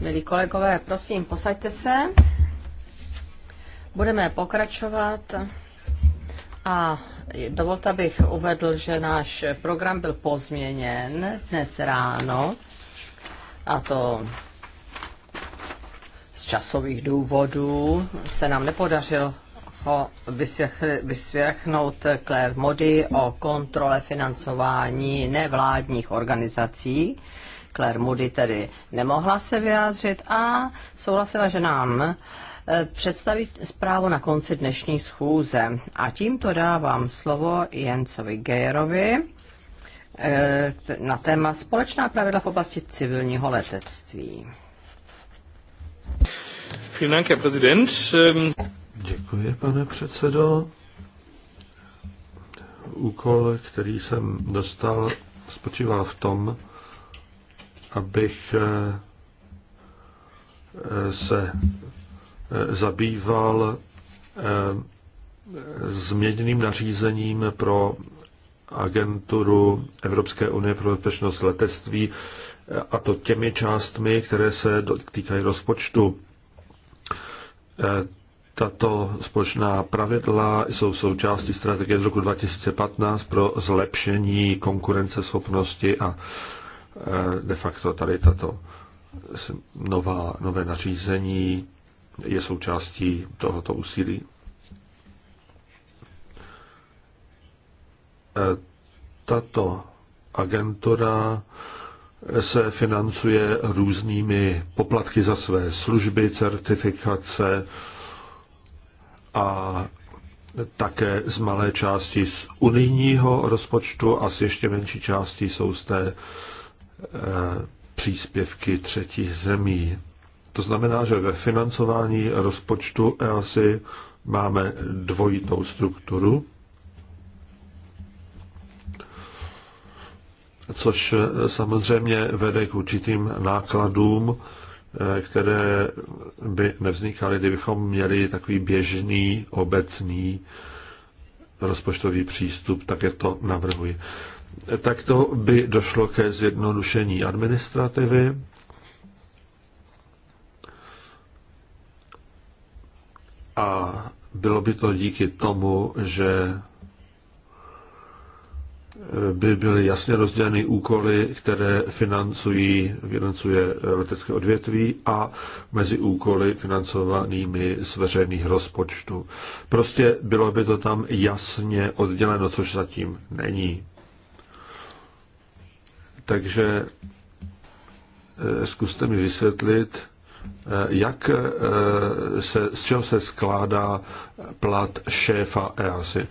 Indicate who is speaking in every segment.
Speaker 1: Milí kolegové, prosím, posaďte se. Budeme pokračovat. A dovolte, abych uvedl, že náš program byl pozměněn dnes ráno. A to z časových důvodů se nám nepodařilo ho vysvěchnout Claire Mody o kontrole financování nevládních organizací. Claire Moody tedy nemohla se vyjádřit a souhlasila, že nám eh, představí zprávu na konci dnešní schůze. A tímto dávám slovo Jencovi Gejerovi eh, na téma společná pravidla v oblasti civilního letectví. Vielen Dank, Herr Präsident. Ähm,
Speaker 2: Děkuji, pane předsedo. Úkol, který jsem dostal, spočíval v tom, abych eh, se eh, zabýval eh, změněným nařízením pro agenturu Evropské unie pro bezpečnost letectví, a to těmi částmi, které se týkají rozpočtu. Tato společná pravidla jsou součástí strategie z roku 2015 pro zlepšení konkurenceschopnosti a eh, de facto tady tato nová, nové nařízení je součástí tohoto úsilí. Eh, tato agentura se financuje různými poplatky za své služby, certifikace, a také z malé části z unijního rozpočtu a z ještě menší části jsou z té eh, příspěvky třetích zemí. To znamená, že ve financování rozpočtu EASI máme dvojitou strukturu, což eh, samozřejmě vede k určitým nákladům Eh, které by nevznikaly, kdybychom měli takový běžný, obecný rozpočtový přístup, tak jak to navrhuji. Eh, tak to by došlo ke zjednodušení administrativy, a bylo by to díky tomu, že by byly jasně rozděleny úkoly, které financují, financuje letecké odvětví a mezi úkoly financovanými z veřejných rozpočtů. Prostě bylo by to tam jasně odděleno, což zatím není. Takže eh, zkuste mi vysvětlit, Eh, jak eh, se, z čeho se skládá plat šéfa EASY.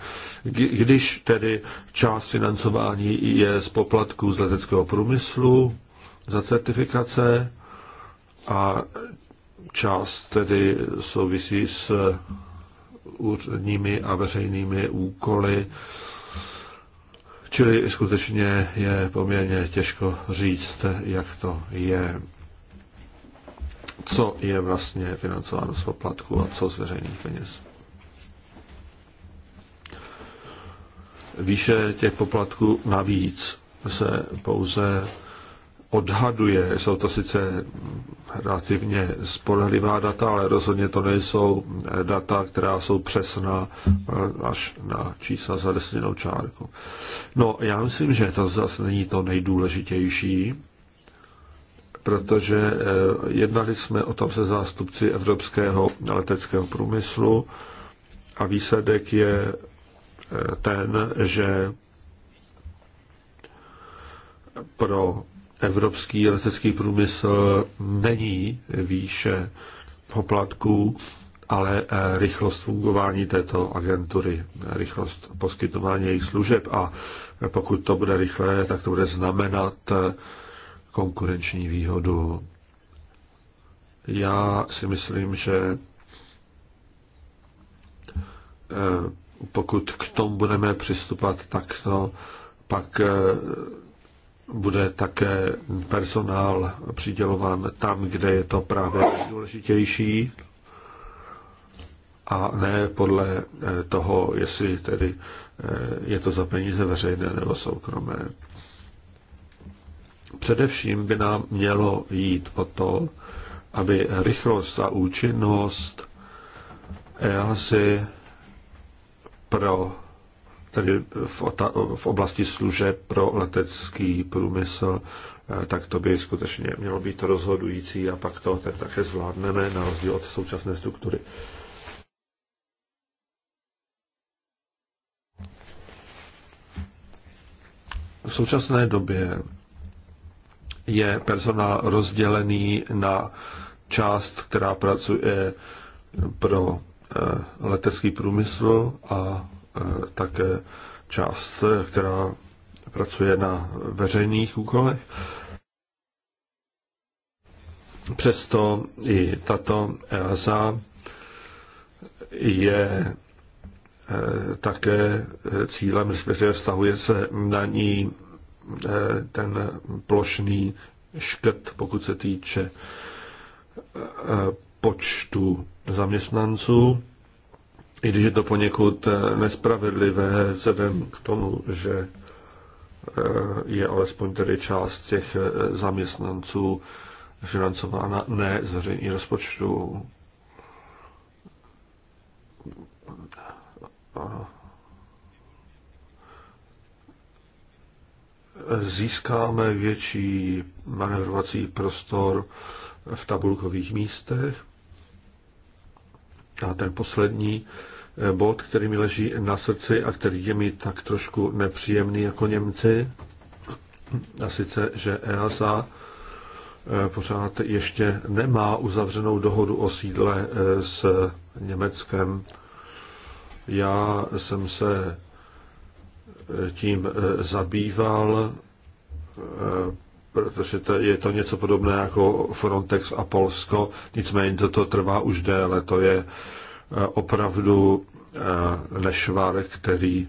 Speaker 2: Když tedy část financování je z poplatků z leteckého průmyslu za certifikace a část tedy souvisí s úředními a veřejnými úkoly, čili skutečně je poměrně těžko říct, jak to je co je vlastně financováno z poplatku a co z veřejných peněz. Výše těch poplatků navíc se pouze odhaduje. Jsou to sice relativně spolehlivá data, ale rozhodně to nejsou data, která jsou přesná eh, až na čísla za desetinou čárku. No, já myslím, že to zase není to nejdůležitější protože eh, jednali jsme o tom se zástupci evropského leteckého průmyslu a výsledek je eh, ten, že pro evropský letecký průmysl není výše poplatků, ale eh, rychlost fungování této agentury, rychlost poskytování jejich služeb a pokud to bude rychlé, tak to bude znamenat konkurenční výhodu. Já si myslím, že eh, pokud k tomu budeme přistupovat takto, pak eh, bude také personál přidělován tam, kde je to právě důležitější, a ne podle eh, toho, jestli tedy je to za peníze veřejné nebo soukromé. Především by nám mělo jít o to, aby rychlost a účinnost EASY pro, tedy v, ota, v oblasti služeb pro letecký průmysl, eh, tak to by skutečně mělo být rozhodující a pak to tak také zvládneme na rozdíl od současné struktury. V současné době je personál rozdělený na část, která pracuje pro eh, letecký průmysl a eh, také část, která pracuje na veřejných úkolech. Přesto i tato EASA je eh, také cílem, respektive vztahuje se na ní Eh, ten plošný škrt, pokud se týče eh, počtu zaměstnanců, i když je to poněkud eh, nespravedlivé vzhledem k tomu, že je alespoň tedy část těch zaměstnanců financována ne z veřejných rozpočtů. získáme větší manevrovací prostor v tabulkových místech. A ten poslední eh, bod, který mi leží na srdci a který je mi tak trošku nepříjemný jako Němci, a sice, že EASA eh, pořád ještě nemá uzavřenou dohodu o sídle eh, s Německem. Já jsem se tím eh, zabýval, eh, protože to je to něco podobné jako Frontex a Polsko, nicméně toto trvá už déle, to je eh, opravdu nešvar, který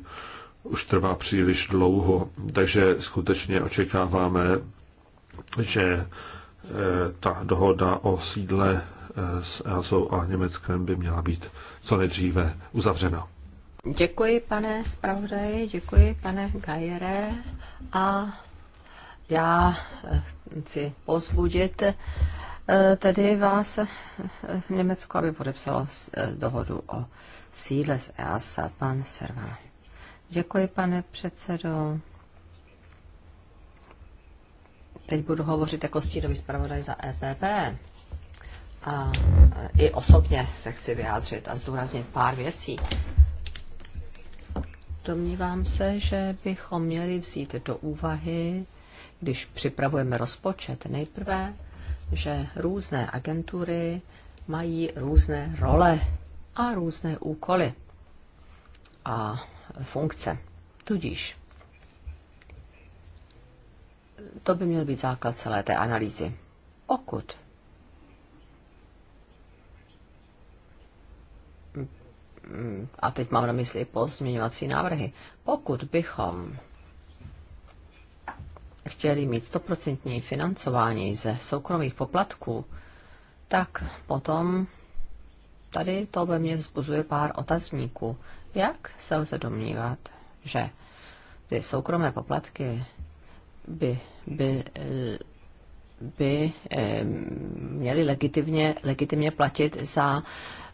Speaker 2: už trvá příliš dlouho, takže skutečně očekáváme, že ta dohoda o sídle s EASO a Německem by měla být co nejdříve uzavřena.
Speaker 1: Děkuji, pane zpravodaji, děkuji, pane Gajere. A já eh, chci pozbudit eh, tedy vás v eh, Německu, aby podepsalo dohodu o síle z EASA, pan Serva. Děkuji, pane předsedo. Teď budu hovořit jako stínový zpravodaj za EPP. A i osobně se chci vyjádřit a zdůraznit pár věcí. Domnívám se, že bychom měli vzít do úvahy, když připravujeme rozpočet nejprve, že různé agentury mají různé role a různé úkoly a funkce. Tudíž to by měl být základ celé té analýzy. Pokud a teď mám na mysli pozměňovací návrhy, pokud bychom chtěli mít stoprocentní financování ze soukromých poplatků, tak potom tady to ve mně vzbuzuje pár otazníků. Jak se lze domnívat, že ty soukromé poplatky by, by, by eh, měly legitimně, legitimně platit za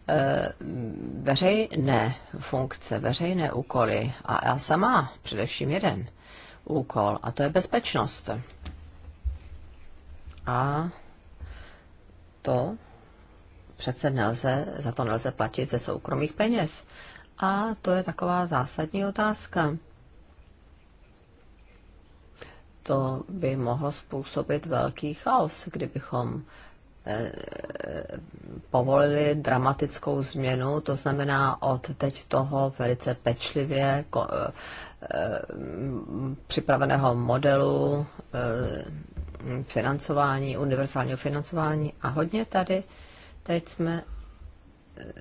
Speaker 1: Eh, veřejné funkce, veřejné úkoly a já sama především jeden úkol a to je bezpečnost. A to přece nelze, za to nelze platit ze soukromých peněz. A to je taková zásadní otázka. To by mohlo způsobit velký chaos, kdybychom povolili dramatickou změnu, to znamená od teď toho velice pečlivě eh, eh, připraveného modelu eh, financování, univerzálního financování a hodně tady teď jsme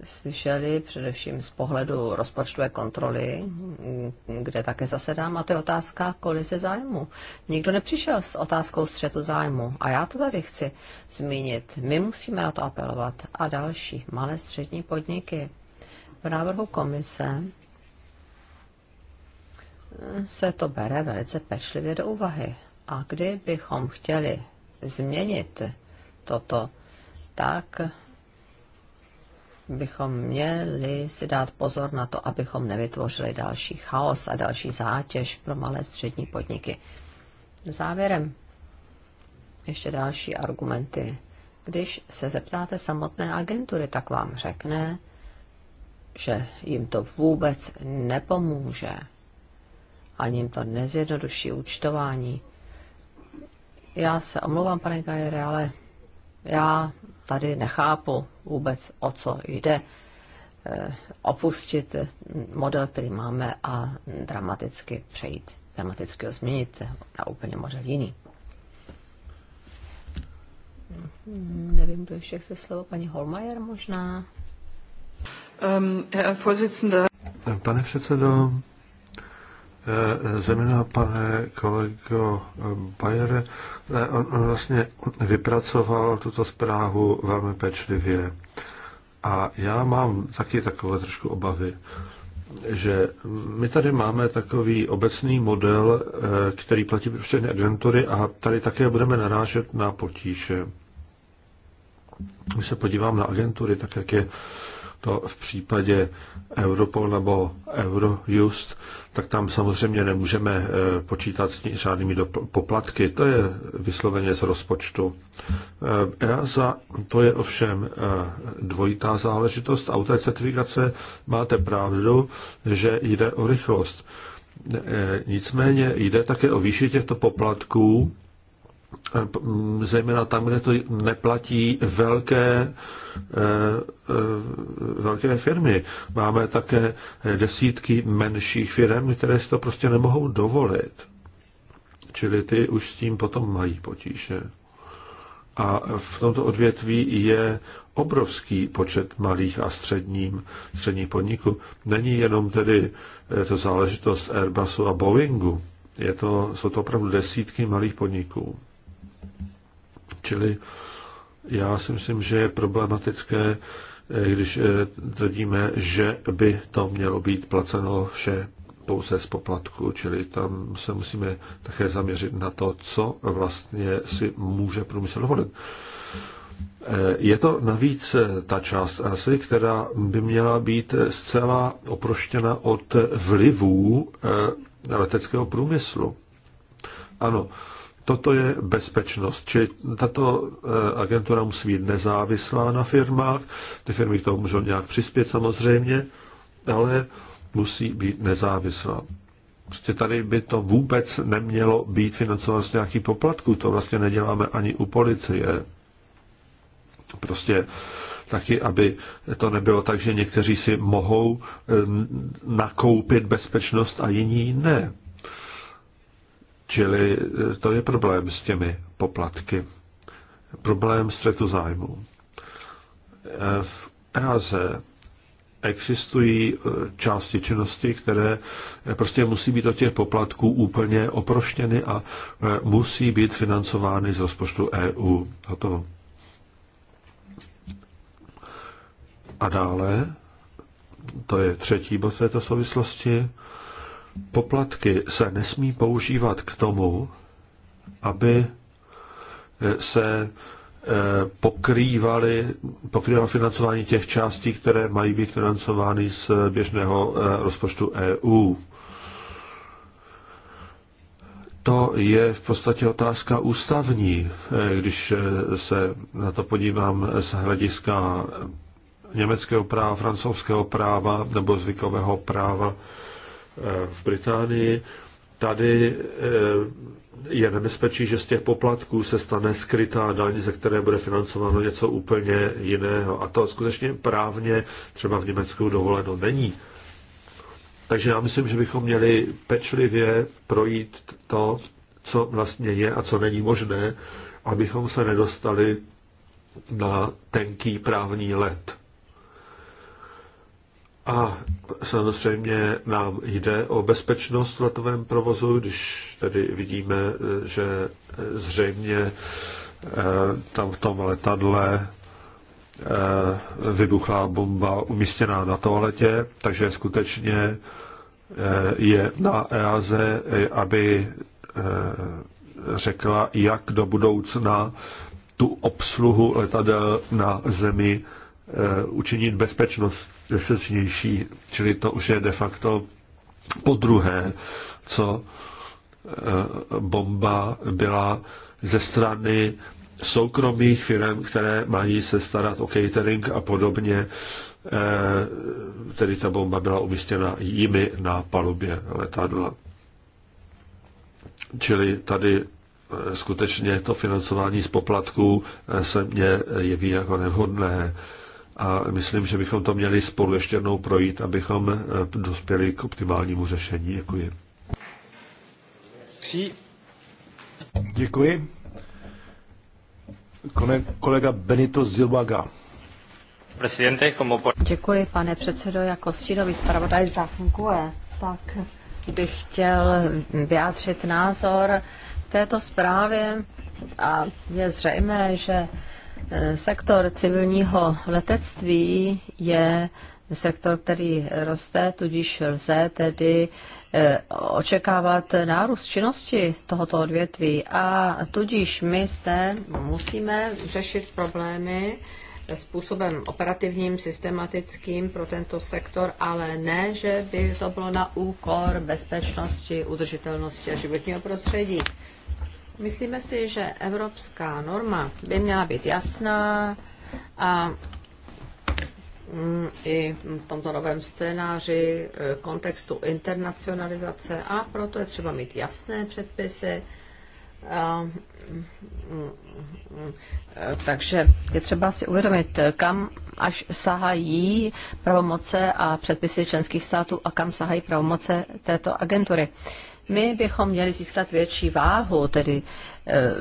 Speaker 1: slyšeli, především z pohledu rozpočtové kontroly, kde také zasedám, a to je otázka kolize zájmu. Nikdo nepřišel s otázkou střetu zájmu a já to tady chci zmínit. My musíme na to apelovat a další malé střední podniky. V návrhu komise se to bere velice pečlivě do úvahy. A kdybychom chtěli změnit toto, tak bychom měli si dát pozor na to, abychom nevytvořili další chaos a další zátěž pro malé střední podniky. Závěrem ještě další argumenty. Když se zeptáte samotné agentury, tak vám řekne, že jim to vůbec nepomůže. Ani jim to nezjednoduší účtování. Já se omlouvám, pane Gajere, ale já tady nechápu vůbec, o co jde eh, opustit model, který máme a dramaticky přejít, dramaticky ho změnit na úplně model jiný. Nevím, kdo ještě chce slovo, paní Holmajer možná. Um,
Speaker 2: Pane předsedo, Eh, Zeměna, pane kolego Bayer, eh, on vlastně vypracoval tuto zprávu velmi pečlivě. A já mám taky takové trošku obavy, že my tady máme takový obecný model, eh, který platí pro všechny agentury a tady také budeme narážet na potíže. Když se podívám na agentury, tak jak je to v případě Europol nebo Eurojust, tak tam samozřejmě nemůžeme eh, počítat s žádnými poplatky. To je vysloveně z rozpočtu. Eh, EASA, to je ovšem eh, dvojitá záležitost. A u té certifikace máte pravdu, že jde o rychlost. Nicméně jde také o výši těchto poplatků zejména tam, kde to neplatí velké, eh, velké firmy. Máme také desítky menších firm, které si to prostě nemohou dovolit. Čili ty už s tím potom mají potíže. A v tomto odvětví je obrovský počet malých a středním, středních podniků. Není jenom tedy eh, to záležitost Airbusu a Boeingu. Je to, jsou to opravdu desítky malých podniků. Čili já si myslím, že je problematické, eh, když eh, tvrdíme, že by to mělo být placeno vše pouze z poplatku, čili tam se musíme také zaměřit na to, co vlastně si může průmysl dovolit. Eh, je to navíc ta část asi, která by měla být zcela oproštěna od vlivů leteckého průmyslu. Ano, Toto je bezpečnost, či tato eh, agentura musí být nezávislá na firmách, ty firmy k tomu můžou nějak přispět samozřejmě, ale musí být nezávislá. Prostě tady by to vůbec nemělo být financováno z nějakých poplatků, to vlastně neděláme ani u policie. Prostě taky, aby to nebylo tak, že někteří si mohou eh, nakoupit bezpečnost a jiní ne. Čili eh, to je problém s těmi poplatky. Problém střetu zájmu. Eh, v EASE existují eh, části činnosti, které prostě musí být od těch poplatků úplně oproštěny a musí být financovány z rozpočtu EU. A to. A dále, to je třetí bod v této souvislosti, poplatky se nesmí používat k tomu, aby eh, se eh, pokrývaly, pokrýval financování těch částí, které mají být financovány z běžného eh, rozpočtu EU. To je v podstatě otázka ústavní, když se na to podívám z hlediska německého práva, francouzského práva nebo zvykového práva Eh, v Británii, tady eh, je nebezpečí, že z těch poplatků se stane skrytá daň, ze které bude financováno něco úplně jiného. A to skutečně právně třeba v Německu dovoleno není. Takže já myslím, že bychom měli pečlivě projít to, co vlastně je a co není možné, abychom se nedostali na tenký právní led. A samozřejmě nám jde o bezpečnost v letovém provozu, když tedy vidíme, že zřejmě eh, tam v tom letadle eh, vybuchla bomba umístěná na toaletě, takže skutečně eh, je na EASE, aby řekla, jak do budoucna tu obsluhu letadel na zemi učinit bezpečnost, nejpřesnější, Čili to už je de facto po druhé, co e, bomba byla ze strany soukromých firm, které mají se starat o catering a podobně, e, tedy ta bomba byla umístěna jimi na palubě letadla. Čili tady e, skutečně to financování z poplatků se mně jeví jako nevhodné a myslím, že bychom to měli spolu ještě jednou projít, abychom eh, dospěli k optimálnímu řešení. Děkuji.
Speaker 3: Děkuji. Kolega Benito Zilbaga.
Speaker 1: Děkuji, pane předsedo, jako stínový zpravodaj za funguje. Tak bych chtěl vyjádřit názor této zprávě a je zřejmé, že Sektor civilního letectví je sektor, který roste, tudíž lze tedy eh, očekávat nárůst činnosti tohoto odvětví a tudíž my zde musíme řešit problémy způsobem operativním, systematickým pro tento sektor, ale ne, že by to bylo na úkor bezpečnosti, udržitelnosti a životního prostředí. Myslíme si, že evropská norma by měla být jasná a mm, i v tomto novém scénáři e, kontextu internacionalizace a proto je třeba mít jasné předpisy. A, mm, mm, e, takže je třeba si uvědomit, kam až sahají pravomoce a předpisy členských států a kam sahají pravomoce této agentury my bychom měli získat větší váhu, tedy eh,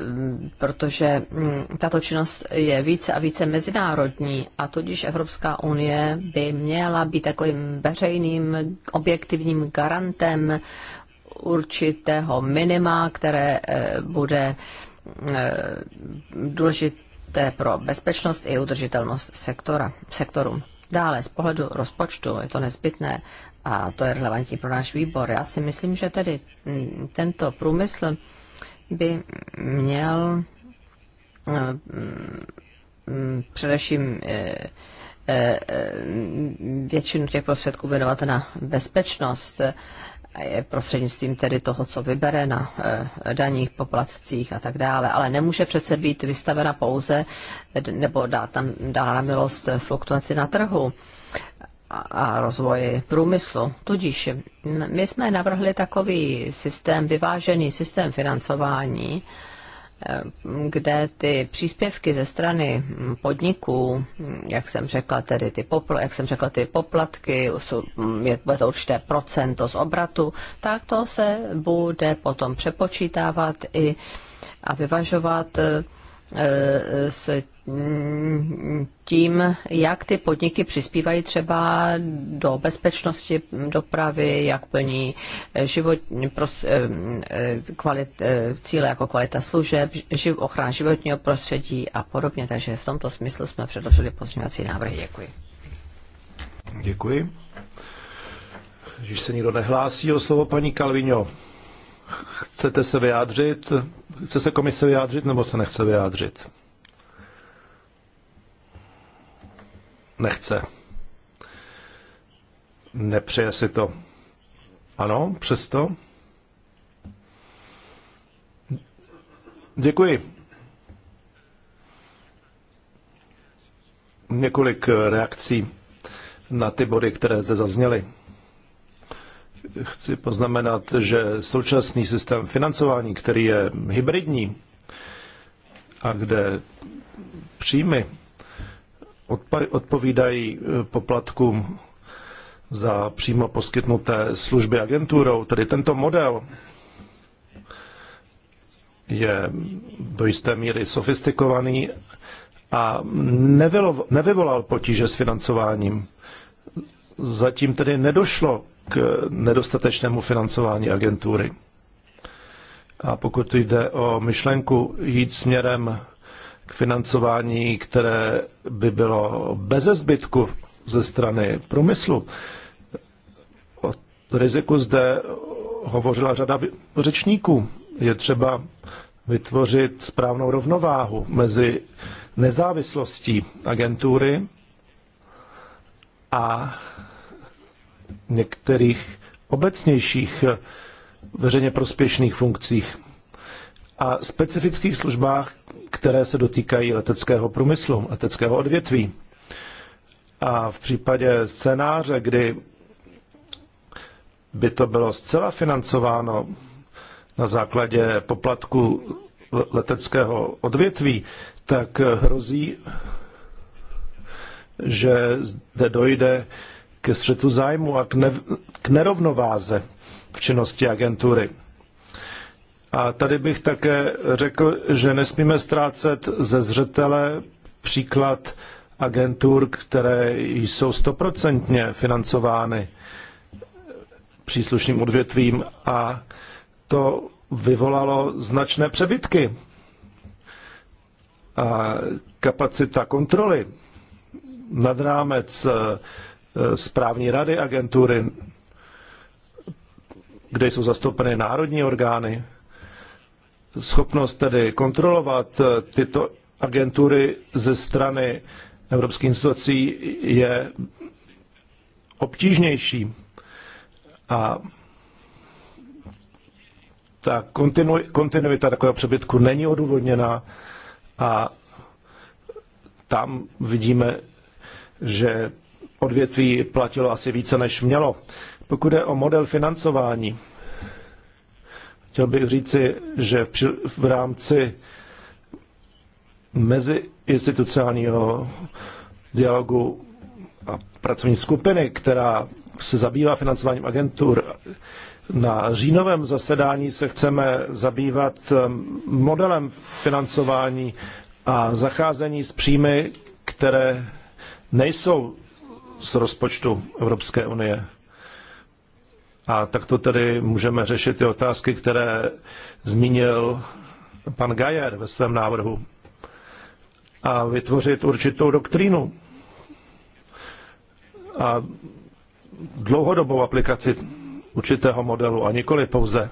Speaker 1: protože hm, tato činnost je více a více mezinárodní a tudíž Evropská unie by měla být takovým veřejným objektivním garantem určitého minima, které eh, bude eh, důležité pro bezpečnost i udržitelnost sektora, sektoru. Dále z pohledu rozpočtu je to nezbytné, a to je relevantní pro náš výbor. Já si myslím, že tedy mm, tento průmysl by měl eh, mm, mm, především eh, eh, většinu těch prostředků věnovat na bezpečnost prostřednictvím tedy toho, co vybere na daních, poplatcích a tak dále. Ale nemůže přece být vystavena pouze nebo dá tam, dá na milost fluktuaci na trhu a rozvoji průmyslu. Tudíž my jsme navrhli takový systém, vyvážený systém financování, eh, kde ty příspěvky ze strany podniků, jak jsem řekla, tedy ty, popl- jak jsem řekla, ty poplatky, jsou, je, bude to určité procento z obratu, tak to se bude potom přepočítávat i a vyvažovat eh, s tím, jak ty podniky přispívají třeba do bezpečnosti dopravy, jak plní život, pros, eh, eh, kvalit, eh, cíle jako kvalita služeb, živ, ochrana životního prostředí a podobně. Takže v tomto smyslu jsme předložili pozměňovací návrhy. Děkuji.
Speaker 3: Děkuji. Když se nikdo nehlásí o slovo, paní Kalvino, chcete se vyjádřit? Chce se komise vyjádřit nebo se nechce vyjádřit? Nechce. Nepřeje si to. Ano, přesto. Děkuji. Několik reakcí na ty body, které zde zazněly chci poznamenat, že současný systém financování, který je hybridní a kde příjmy odpovídají eh, poplatkům za přímo poskytnuté služby agenturou, tedy tento model je do jisté míry sofistikovaný a nevyvolal potíže s financováním. Zatím tedy nedošlo k nedostatečnému financování agentury. A pokud jde o myšlenku jít směrem k financování, které by bylo beze zbytku ze strany průmyslu, o riziku zde hovořila řada řečníků. Je třeba vytvořit správnou rovnováhu mezi nezávislostí agentury a některých obecnějších eh, veřejně prospěšných funkcích a specifických službách, které se dotýkají leteckého průmyslu, leteckého odvětví. A v případě scénáře, kdy by to bylo zcela financováno na základě poplatku leteckého odvětví, tak hrozí, že zde dojde ke střetu zájmu a k, ne, k nerovnováze v činnosti agentury. A tady bych také řekl, že nesmíme ztrácet ze zřetele příklad agentur, které jsou stoprocentně financovány příslušným odvětvím a to vyvolalo značné přebytky. A kapacita kontroly nad rámec Eh, správní rady agentury, kde jsou zastoupeny národní orgány. Schopnost tedy kontrolovat eh, tyto agentury ze strany evropských institucí je obtížnější. A ta kontinuita takového přebytku není odůvodněná a tam vidíme, že odvětví platilo asi více, než mělo. Pokud je o model financování, chtěl bych říci, že v, při, v rámci meziinstitucionálního dialogu a pracovní skupiny, která se zabývá financováním agentur, na říjnovém zasedání se chceme zabývat ehm, modelem financování a zacházení s příjmy, které nejsou z rozpočtu Evropské unie. A takto tedy můžeme řešit ty otázky, které zmínil pan Gajer ve svém návrhu. A vytvořit určitou doktrínu a dlouhodobou aplikaci určitého modelu a nikoli pouze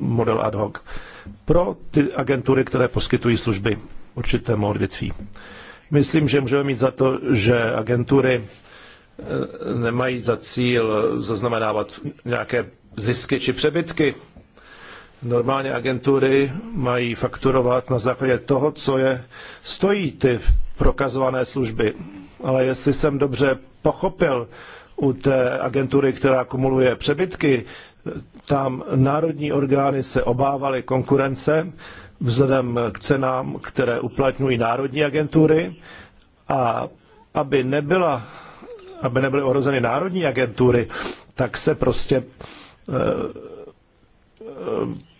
Speaker 3: model ad hoc pro ty agentury, které poskytují služby určitému odvětví. Myslím, že můžeme mít za to, že agentury nemají za cíl zaznamenávat nějaké zisky či přebytky. Normálně agentury mají fakturovat na základě toho, co je stojí ty prokazované služby. Ale jestli jsem dobře pochopil u té agentury, která kumuluje přebytky, tam národní orgány se obávaly konkurence vzhledem k cenám, které uplatňují národní agentury a aby nebyla aby nebyly ohrozeny národní agentury, tak se prostě eh, eh,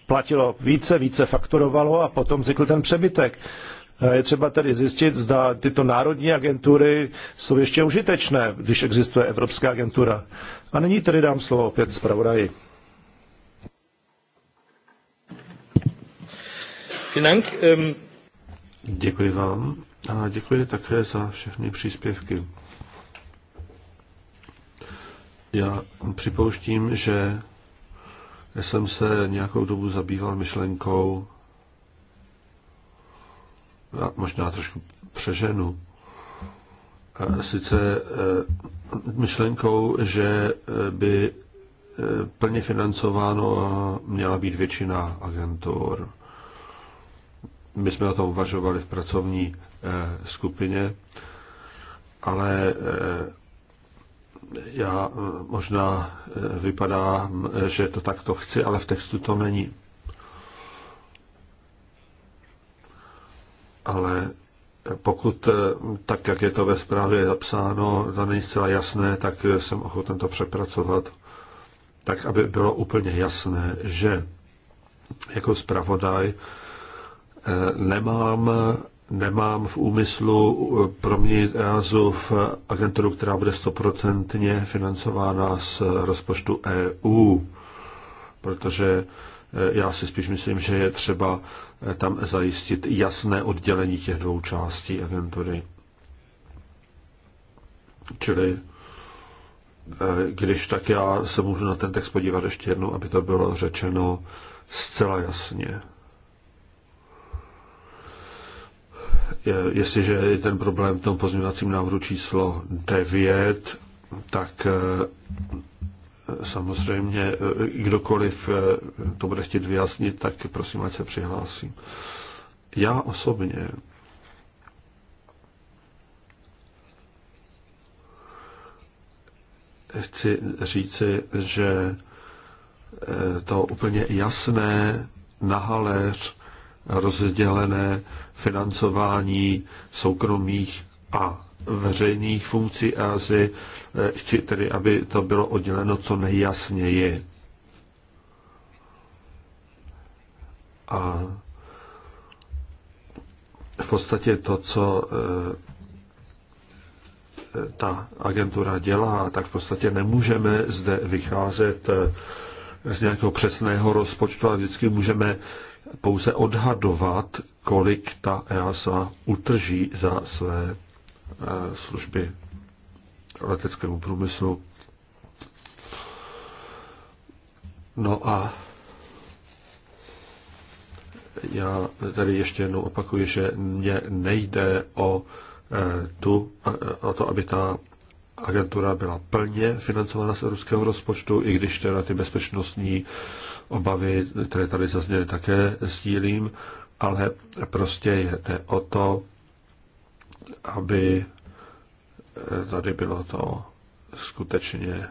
Speaker 3: platilo více, více fakturovalo a potom vznikl ten přebytek. Eh, je třeba tedy zjistit, zda tyto národní agentury jsou ještě užitečné, když existuje Evropská agentura. A nyní tedy dám slovo opět zpravodaji. Ähm,
Speaker 2: děkuji vám a děkuji také za všechny příspěvky. Já připouštím, že jsem se nějakou dobu zabýval myšlenkou, a možná trošku přeženu, sice e, myšlenkou, že e, by e, plně financováno měla být většina agentur. My jsme o tom uvažovali v pracovní skupině, ale já eh, možná eh, vypadá, že to takto chci, ale v textu to není. Ale pokud eh, tak, jak je to ve zprávě zapsáno, to není zcela jasné, tak jsem ochoten to přepracovat, tak aby bylo úplně jasné, že jako zpravodaj nemám nemám v úmyslu eh, proměnit EASu v agenturu, která bude stoprocentně financována z rozpočtu EU, protože eh, já si spíš myslím, že je třeba eh, tam zajistit jasné oddělení těch dvou částí agentury. Čili když tak já se můžu na ten text podívat ještě jednou, aby to bylo řečeno zcela jasně. jestliže je ten problém v tom pozměňovacím návrhu číslo 9, tak eh, samozřejmě eh, kdokoliv eh, to bude chtít vyjasnit, tak prosím, ať se přihlásím. Já osobně chci říci, že to úplně jasné na rozdělené financování soukromých a veřejných funkcí a asi eh, chci tedy, aby to bylo odděleno co nejjasněji. A v podstatě to, co eh, eh, ta agentura dělá, tak v podstatě nemůžeme zde vycházet z nějakého přesného rozpočtu a vždycky můžeme pouze odhadovat, kolik ta EASA utrží za své eh, služby leteckému průmyslu. No a já tady ještě jednou opakuji, že mně nejde o, eh, tu, eh, o to, aby ta agentura byla plně financována z evropského rozpočtu, i když teda ty bezpečnostní obavy, které tady zazněly, také sdílím, ale prostě jde o to, aby eh, tady bylo to skutečně eh,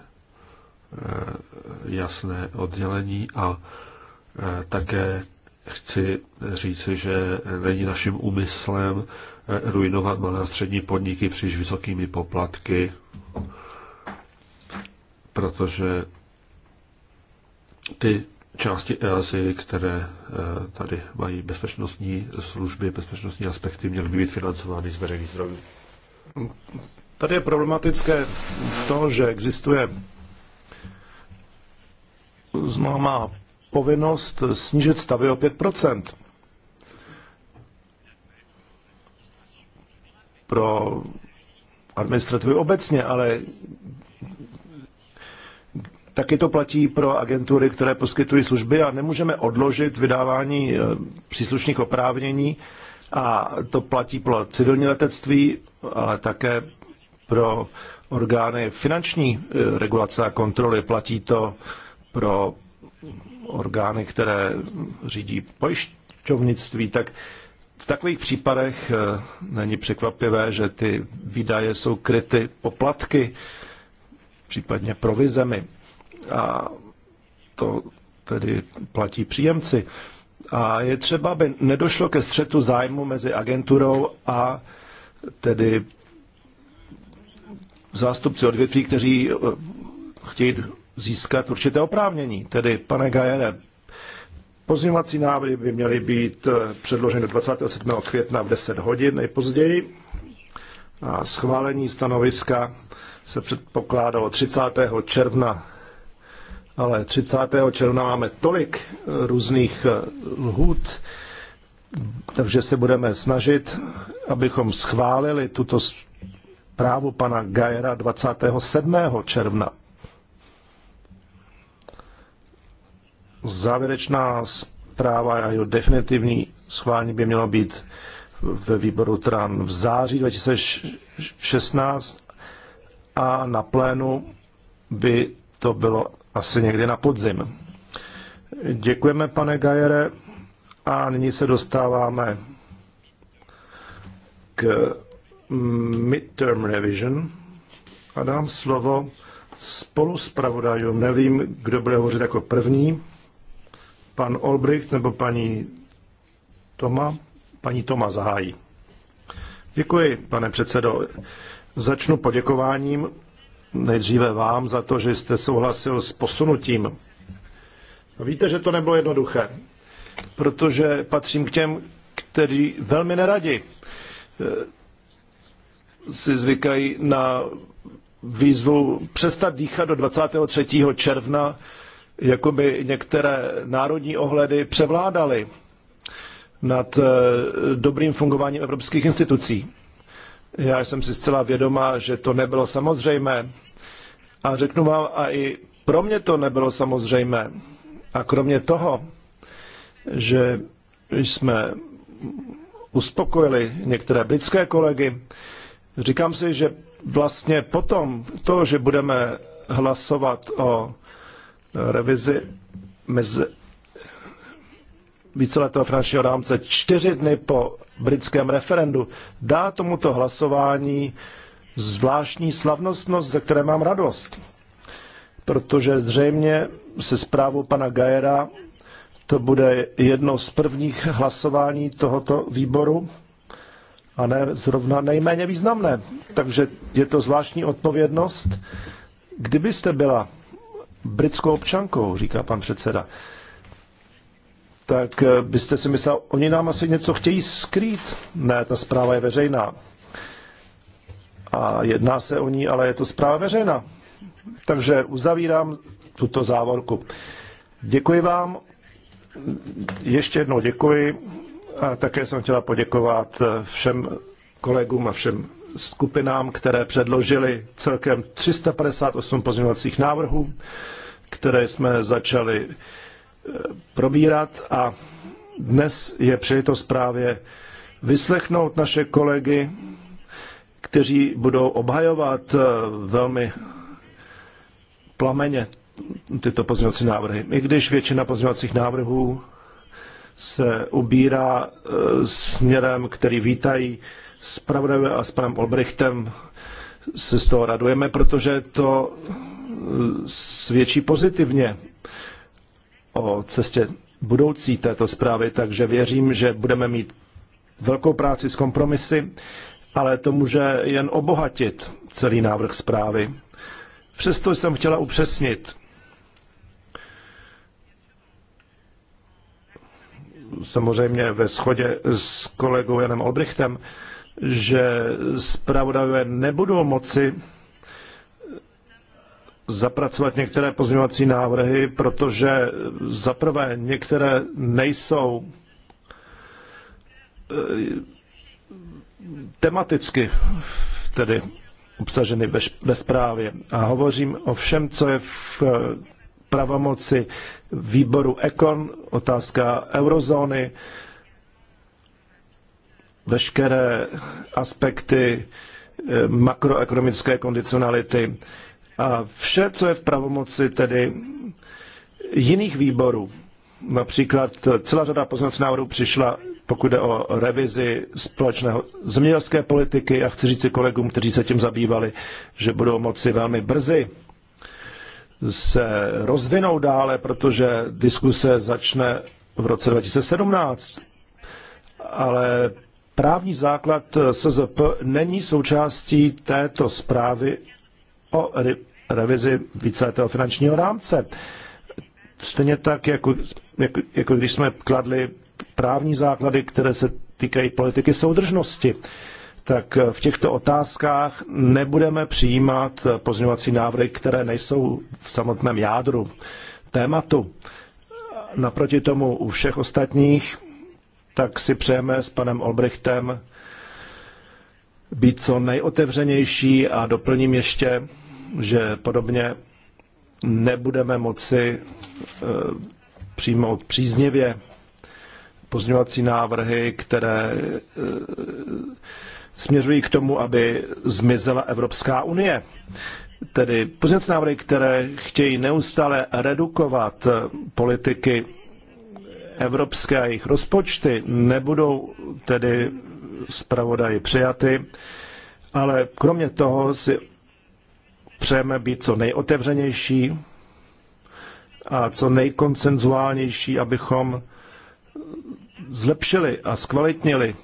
Speaker 2: jasné oddělení a eh, také chci říci, že není naším úmyslem ruinovat malé a střední podniky příliš vysokými poplatky, protože ty části EASY, které eh, tady mají bezpečnostní služby, bezpečnostní aspekty, měly by být financovány z veřejných zdrojů.
Speaker 3: Tady je problematické to, že existuje známá povinnost snížit stavy o 5 pro administrativu obecně, ale taky to platí pro agentury, které poskytují služby a nemůžeme odložit vydávání eh, příslušných oprávnění a to platí pro civilní letectví, ale také pro orgány finanční eh, regulace a kontroly. Platí to pro orgány, které řídí pojišťovnictví, tak v takových případech eh, není překvapivé, že ty výdaje jsou kryty poplatky, případně provizemi. A to tedy platí příjemci. A je třeba, aby nedošlo ke střetu zájmu mezi agenturou a tedy zástupci odvětví, kteří eh, chtějí získat určité oprávnění. Tedy, pane Gajere, Pozměňovací návrhy by měly být eh, předloženy 27. května v 10 hodin nejpozději. A schválení stanoviska se předpokládalo 30. června. Ale 30. června máme tolik eh, různých eh, lhůt, takže se budeme snažit, abychom schválili tuto právu pana Gajera 27. června. závěrečná zpráva a jeho definitivní schválení by mělo být ve výboru TRAN v září 2016 a na plénu by to bylo asi někdy na podzim. Děkujeme, pane Gajere, a nyní se dostáváme k midterm revision a dám slovo spolu s pravodajům. Nevím, kdo bude hovořit jako první. Pan Olbricht nebo paní Toma? Paní Toma zahájí. Děkuji, pane předsedo. Začnu poděkováním nejdříve vám za to, že jste souhlasil s posunutím. Víte, že to nebylo jednoduché, protože patřím k těm, kteří velmi neradi eh, si zvykají na výzvu přestat dýchat do 23. června jakoby některé národní ohledy převládaly nad eh, dobrým fungováním evropských institucí. Já jsem si zcela vědoma, že to nebylo samozřejmé. A řeknu vám, a i pro mě to nebylo samozřejmé. A kromě toho, že jsme uspokojili některé britské kolegy, říkám si, že vlastně potom to, že budeme hlasovat o revizi mezi víceletého finančního rámce čtyři dny po britském referendu dá tomuto hlasování zvláštní slavnostnost, ze které mám radost. Protože zřejmě se zprávou pana Gajera to bude jedno z prvních hlasování tohoto výboru a ne zrovna nejméně významné. Takže je to zvláštní odpovědnost. Kdybyste byla britskou občankou, říká pan předseda. Tak eh, byste si myslel, oni nám asi něco chtějí skrýt. Ne, ta zpráva je veřejná. A jedná se o ní, ale je to zpráva veřejná. Takže uzavírám tuto závorku. Děkuji vám. Ještě jednou děkuji. A také jsem chtěla poděkovat eh, všem kolegům a všem skupinám, které předložili celkem 358 pozměňovacích návrhů, které jsme začali eh, probírat a dnes je příležitost právě vyslechnout naše kolegy, kteří budou obhajovat eh, velmi plameně tyto pozměňovací návrhy. I když většina pozměňovacích návrhů se ubírá eh, směrem, který vítají zpravodajem a s panem Olbrichtem se z toho radujeme, protože to eh, svědčí pozitivně o cestě budoucí této zprávy, takže věřím, že budeme mít velkou práci s kompromisy, ale to může jen obohatit celý návrh zprávy. Přesto jsem chtěla upřesnit. Samozřejmě ve shodě s kolegou Janem Olbrichtem, že zpravodajové nebudou moci zapracovat některé pozměňovací návrhy, protože zaprvé některé nejsou eh, tematicky tedy obsaženy ve, ve zprávě. A hovořím o všem, co je v eh, pravomoci výboru Ekon, otázka eurozóny, veškeré aspekty eh, makroekonomické kondicionality a vše, co je v pravomoci tedy jiných výborů. Například celá řada poznacích návrhů přišla, pokud jde o revizi společného zemědělské politiky a chci říct si kolegům, kteří se tím zabývali, že budou moci velmi brzy se rozvinou dále, protože diskuse začne v roce 2017. Ale Právní základ eh, SZP není součástí této zprávy o revizi víceletého finančního rámce. Stejně tak, jako, jako, jako když jsme kladli právní základy, které se týkají politiky soudržnosti, tak eh, v těchto otázkách nebudeme přijímat eh, pozměňovací návrhy, které nejsou v samotném jádru tématu. Naproti tomu u všech ostatních tak si přejeme s panem Olbrichtem být co nejotevřenější a doplním ještě, že podobně nebudeme moci eh, přijmout příznivě pozměňovací návrhy, které eh, směřují k tomu, aby zmizela Evropská unie. Tedy pozměňovací návrhy, které chtějí neustále redukovat politiky evropské a jejich rozpočty nebudou tedy zpravodaji přijaty, ale kromě toho si přejeme být co nejotevřenější a co nejkoncenzuálnější, abychom zlepšili a zkvalitnili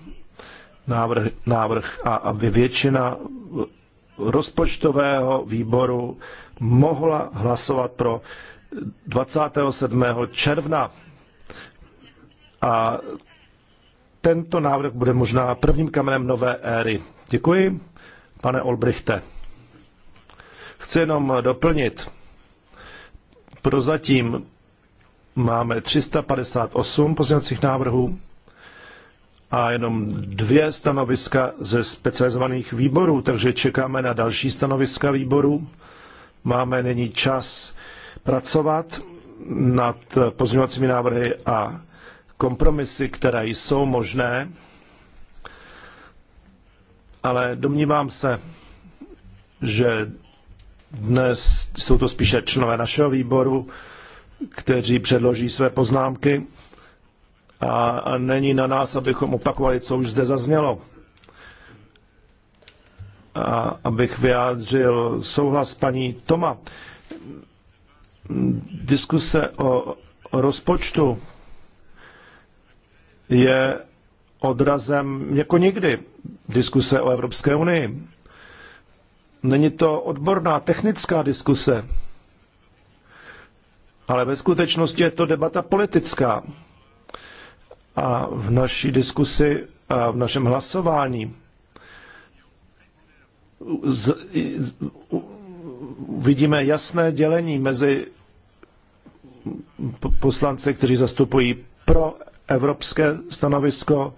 Speaker 3: návrh, návrh a aby většina rozpočtového výboru mohla hlasovat pro 27. června a tento návrh bude možná prvním kamenem nové éry. Děkuji, pane Olbrichte. Chci jenom doplnit. Prozatím máme 358 pozměňovacích návrhů a jenom dvě stanoviska ze specializovaných výborů, takže čekáme na další stanoviska výborů. Máme nyní čas pracovat nad pozměňovacími návrhy a kompromisy, které jsou možné, ale domnívám se, že dnes jsou to spíše členové našeho výboru, kteří předloží své poznámky a není na nás, abychom opakovali, co už zde zaznělo. A abych vyjádřil souhlas paní Toma. Diskuse o rozpočtu je odrazem jako nikdy diskuse o Evropské unii. Není to odborná technická diskuse, ale ve skutečnosti je to debata politická. A v naší diskusi a v našem hlasování z, z, vidíme jasné dělení mezi poslanci, kteří zastupují pro evropské stanovisko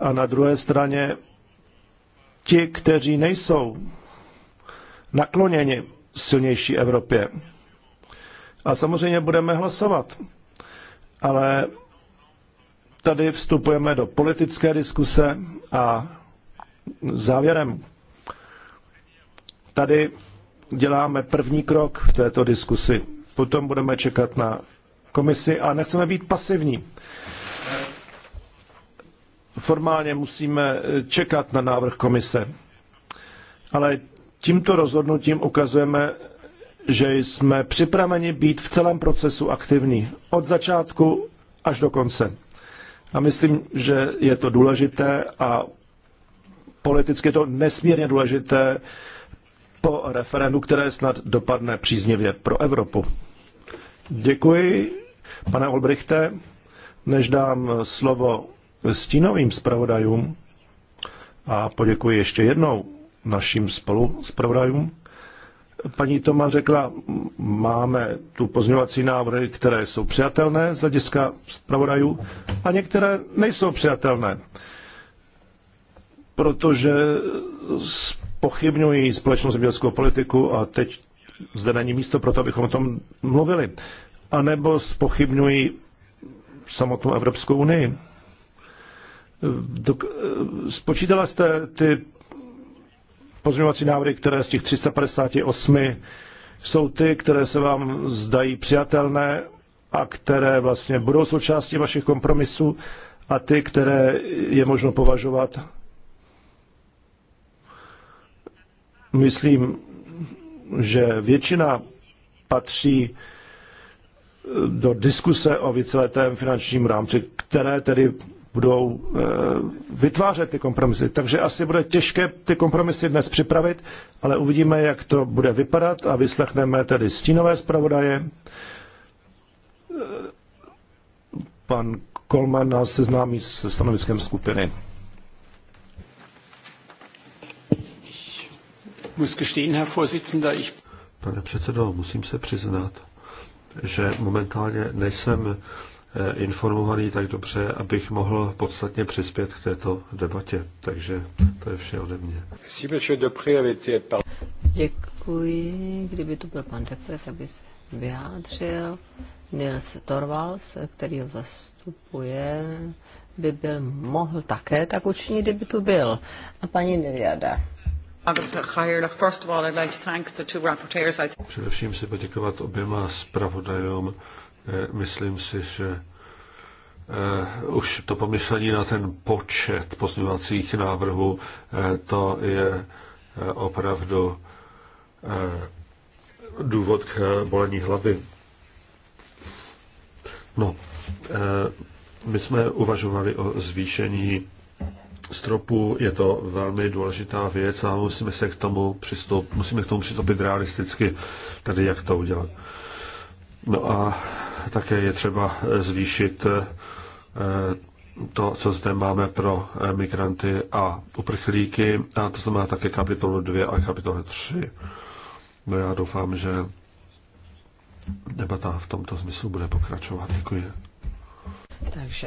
Speaker 3: a na druhé straně ti, kteří nejsou nakloněni silnější Evropě. A samozřejmě budeme hlasovat, ale tady vstupujeme do politické diskuse a závěrem tady děláme první krok v této diskusi. Potom budeme čekat na komisi a nechceme být pasivní formálně musíme čekat na návrh komise. Ale tímto rozhodnutím ukazujeme, že jsme připraveni být v celém procesu aktivní. Od začátku až do konce. A myslím, že je to důležité a politicky je to nesmírně důležité po referendu, které snad dopadne příznivě pro Evropu. Děkuji, pane Olbrichte. Než dám slovo stínovým zpravodajům a poděkuji ještě jednou našim spolu zpravodajům. Paní Toma řekla, máme tu pozměňovací návrhy, které jsou přijatelné z hlediska zpravodajů a některé nejsou přijatelné, protože pochybňují společnou zemědělskou politiku a teď zde není místo pro to, abychom o tom mluvili. A nebo spochybňují samotnou Evropskou unii. Spočítala jste ty pozměňovací návrhy, které z těch 358 jsou ty, které se vám zdají přijatelné a které vlastně budou součástí vašich kompromisů a ty, které je možno považovat, myslím, že většina patří eh, do diskuse o víceletém finančním rámci, které tedy budou eh, vytvářet ty kompromisy. Takže asi bude těžké ty kompromisy dnes připravit, ale uvidíme, jak to bude vypadat a vyslechneme tedy stínové zpravodaje. Eh, pan Kolman nás seznámí se stanoviskem skupiny.
Speaker 2: Pane předsedo, musím se přiznat, že momentálně nejsem Eh, informovaný tak dobře, abych mohl podstatně přispět k této debatě. Takže to je vše ode mě.
Speaker 1: Děkuji. Kdyby tu byl pan Depre, aby se vyjádřil. Nils Torvalds, který ho zastupuje, by byl mohl také tak učinit, kdyby tu byl. A paní Niliada.
Speaker 2: Především si poděkovat oběma zpravodajům. Eh, myslím si, že eh, už to pomyšlení na ten počet pozměňovacích návrhů, eh, to je opravdu důvod k bolení hlavy. No, my jsme uvažovali o zvýšení stropu, je to velmi důležitá věc a musíme se k tomu přistoupit, musíme k tomu přistoupit realisticky, tedy jak to udělat. No a také je třeba zvýšit eh, to, co zde máme pro eh, migranty a uprchlíky, a to znamená také kapitolu 2 a kapitolu 3. No já doufám, že debata v tomto smyslu bude pokračovat. Děkuji.
Speaker 1: Takže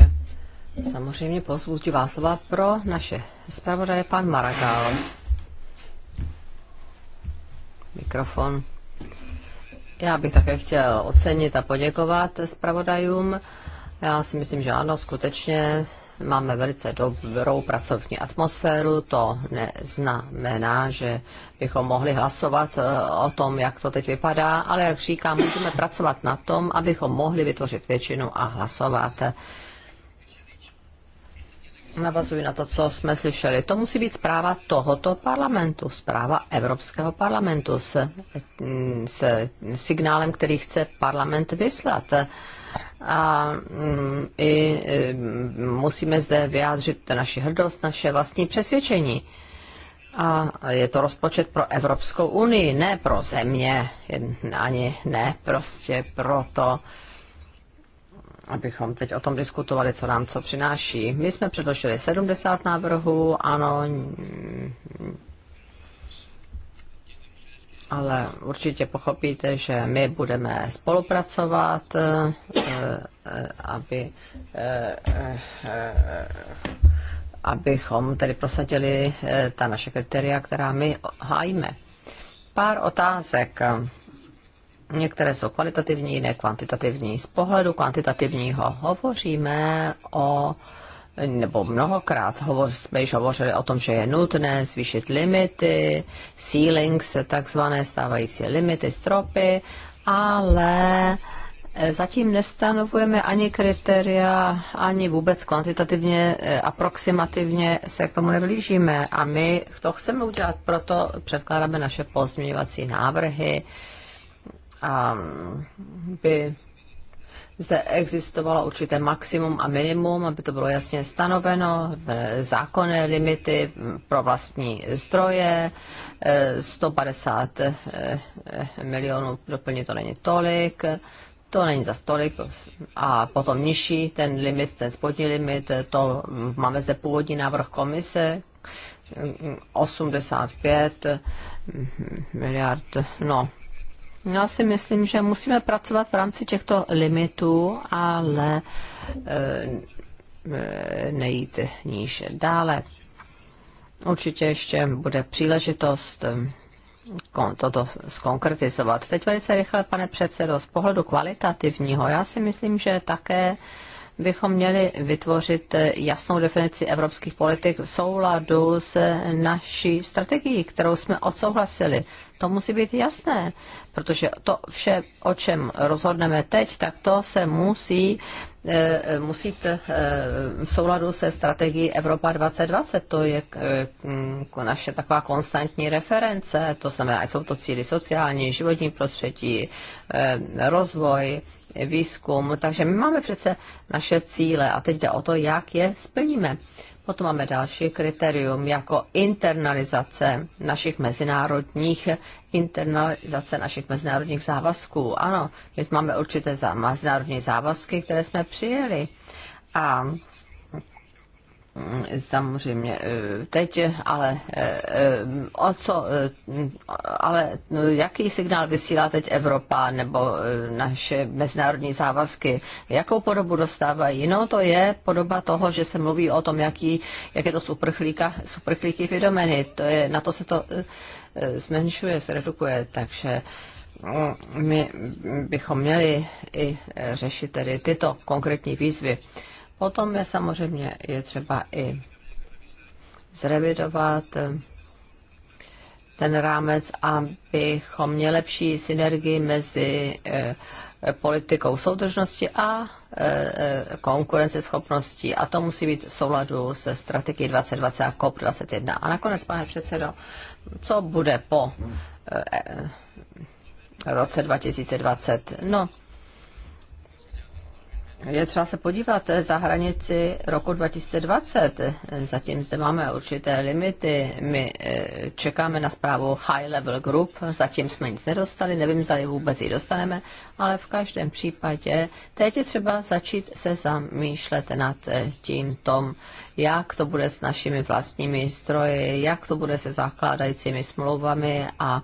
Speaker 1: samozřejmě pozvůtivá slova pro naše zpravodaje pan Maragal. Mikrofon já bych také chtěl ocenit a poděkovat zpravodajům. Já si myslím, že ano, skutečně máme velice dobrou pracovní atmosféru. To neznamená, že bychom mohli hlasovat eh, o tom, jak to teď vypadá, ale jak říkám, můžeme pracovat na tom, abychom mohli vytvořit většinu a hlasovat navazuji na to, co jsme slyšeli. To musí být zpráva tohoto parlamentu, zpráva Evropského parlamentu se, mm, se signálem, který chce parlament vyslat. A mm, i mm, musíme zde vyjádřit naši hrdost, naše vlastní přesvědčení. A je to rozpočet pro Evropskou unii, ne pro země, ani ne prostě proto, abychom teď o tom diskutovali, co nám co přináší. My jsme předložili 70 návrhů, ano, ale určitě pochopíte, že my budeme spolupracovat, eh, eh, aby, eh, abychom tedy prosadili ta naše kritéria, která my hájíme. Pár otázek Některé jsou kvalitativní, jiné kvantitativní. Z pohledu kvantitativního hovoříme o nebo mnohokrát hovoř, jsme již hovořili o tom, že je nutné zvýšit limity, ceilings, takzvané stávající limity, stropy, ale e, zatím nestanovujeme ani kritéria, ani vůbec kvantitativně, e, aproximativně se k tomu neblížíme. A my to chceme udělat, proto předkládáme naše pozměňovací návrhy, a by zde existovalo určité maximum a minimum, aby to bylo jasně stanoveno, zákonné limity pro vlastní zdroje, 150 eh, eh, eh, milionů doplně to není tolik, to není za tolik to, a potom nižší ten limit, ten spodní limit, to máme zde původní návrh komise, 85 mm, mm, mm, miliard, no já si myslím, že musíme pracovat v rámci těchto limitů, ale e, e, nejít níž dále. Určitě ještě bude příležitost e, toto skonkretizovat. Teď velice rychle, pane předsedo, z pohledu kvalitativního, já si myslím, že také bychom měli vytvořit jasnou definici evropských politik v souladu s naší strategií, kterou jsme odsouhlasili. To musí být jasné, protože to vše, o čem rozhodneme teď, tak to se musí eh, musí eh, v souladu se strategií Evropa 2020. To je eh, naše taková konstantní reference, to znamená, jsou to cíly sociální, životní prostředí, rozvoj, výzkum. Takže my máme přece naše cíle a teď jde o to, jak je splníme. Potom máme další kritérium jako internalizace našich mezinárodních internalizace našich mezinárodních závazků. Ano, my máme určité mezinárodní závazky, které jsme přijeli. A samozřejmě eh, teď, ale eh, eh, o co, ale no, jaký signál vysílá teď Evropa nebo naše mezinárodní závazky, jakou podobu dostávají? No to je podoba toho, že se mluví o tom, jaký, jak je to s uprchlíky v To je, na to se to zmenšuje, se redukuje, takže mm, my bychom měli i řešit tedy tyto konkrétní výzvy. Potom je samozřejmě je třeba i zrevidovat eh, ten rámec, abychom měli lepší synergii mezi eh, politikou soudržnosti a eh, konkurenceschopností. A to musí být v souladu se strategií 2020 a COP21. A nakonec, pane předsedo, co bude po roce 2020? No, je třeba se podívat eh, za hranici roku 2020. Zatím zde máme určité limity. My eh, čekáme na zprávu High Level Group. Zatím jsme nic nedostali, nevím, zda ji vůbec ji dostaneme, ale v každém případě teď je třeba začít se zamýšlet nad eh, tím tom, jak to bude s našimi vlastními stroji, jak to bude se zakládajícími smlouvami a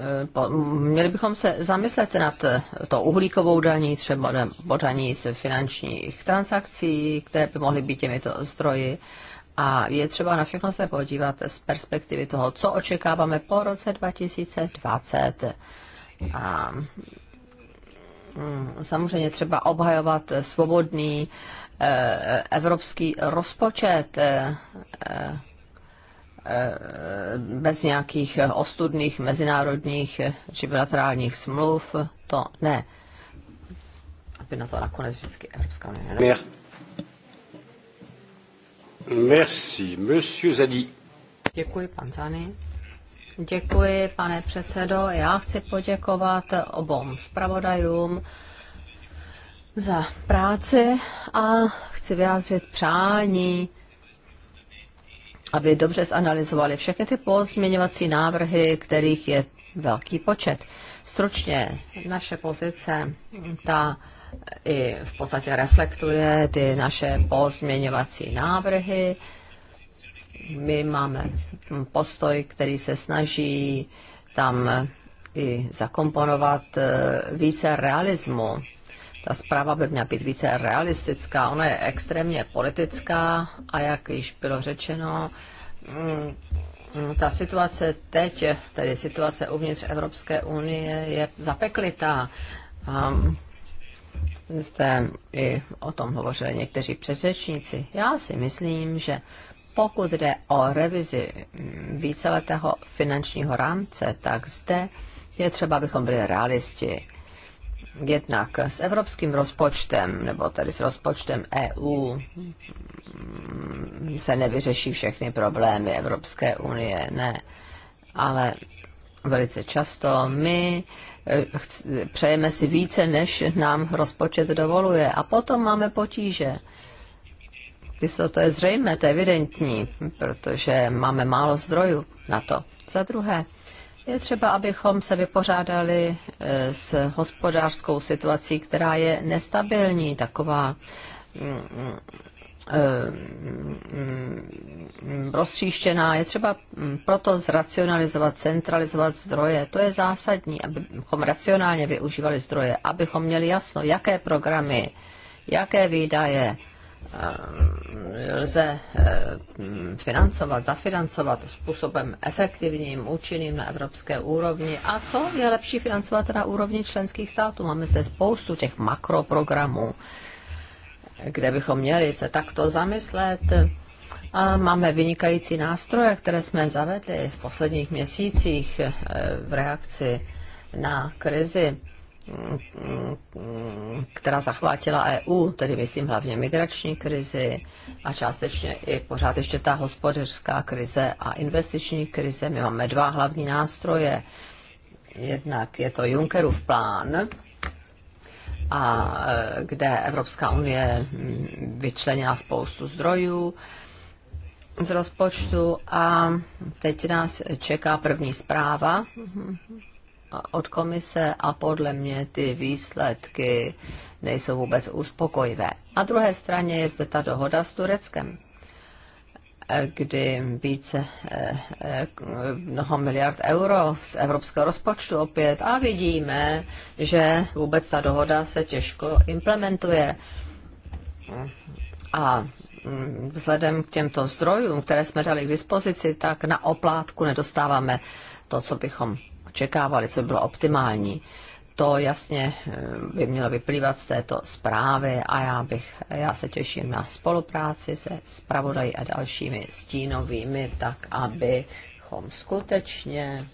Speaker 1: Eh, měli bychom se zamyslet nad eh, to uhlíkovou daní, třeba nebo daní z finančních transakcí, které by mohly být těmito zdroji. A je třeba na všechno se podívat z perspektivy toho, co očekáváme po roce 2020. A mm, samozřejmě třeba obhajovat svobodný eh, evropský rozpočet, Eh, bez nějakých ostudných mezinárodních či bilaterálních smluv, to ne. Aby na to nakonec vždycky Evropská unie.
Speaker 2: Merci, monsieur Zadí.
Speaker 1: Děkuji, pan Zany. Děkuji, pane předsedo. Já chci poděkovat obom zpravodajům za práci a chci vyjádřit přání aby dobře zanalizovali všechny ty pozměňovací návrhy, kterých je velký počet. Stručně naše pozice, ta i v podstatě reflektuje ty naše pozměňovací návrhy. My máme postoj, který se snaží tam i zakomponovat eh, více realismu ta zpráva by měla být více realistická. Ona je extrémně politická a jak již bylo řečeno, mm, ta situace teď, tedy situace uvnitř Evropské unie, je zapeklitá. A zde i o tom hovořili někteří předřečníci. Já si myslím, že pokud jde o revizi mm, víceletého finančního rámce, tak zde je třeba, abychom byli realisti jednak s evropským rozpočtem, nebo tedy s rozpočtem EU, se nevyřeší všechny problémy Evropské unie, ne. Ale velice často my eh, přejeme si více, než nám rozpočet dovoluje. A potom máme potíže. Když to, to je zřejmé, to je evidentní, protože máme málo zdrojů na to. Za druhé, je třeba, abychom se vypořádali eh, s hospodářskou situací, která je nestabilní, taková mm, mm, mm, roztříštěná. Je třeba proto zracionalizovat, centralizovat zdroje. To je zásadní, abychom racionálně využívali zdroje, abychom měli jasno, jaké programy, jaké výdaje eh, lze eh, financovat, zafinancovat způsobem efektivním, účinným na evropské úrovni a co je lepší financovat na úrovni členských států. Máme zde spoustu těch makroprogramů, kde bychom měli se takto zamyslet. A máme vynikající nástroje, které jsme zavedli v posledních měsících eh, v reakci na krizi která zachvátila EU, tedy myslím hlavně migrační krizi a částečně i pořád ještě ta hospodářská krize a investiční krize. My máme dva hlavní nástroje. Jednak je to Junckerův plán, a eh, kde Evropská unie hm, vyčlenila spoustu zdrojů z rozpočtu a teď nás čeká první zpráva od komise a podle mě ty výsledky nejsou vůbec uspokojivé. Na druhé straně je zde ta dohoda s Tureckem, kdy více eh, mnoho miliard euro z evropského rozpočtu opět a vidíme, že vůbec ta dohoda se těžko implementuje. A mm, vzhledem k těmto zdrojům, které jsme dali k dispozici, tak na oplátku nedostáváme to, co bychom očekávali, co by bylo optimální. To jasně eh, by mělo vyplývat z této zprávy a já, bych, já se těším na spolupráci se zpravodají a dalšími stínovými, tak abychom skutečně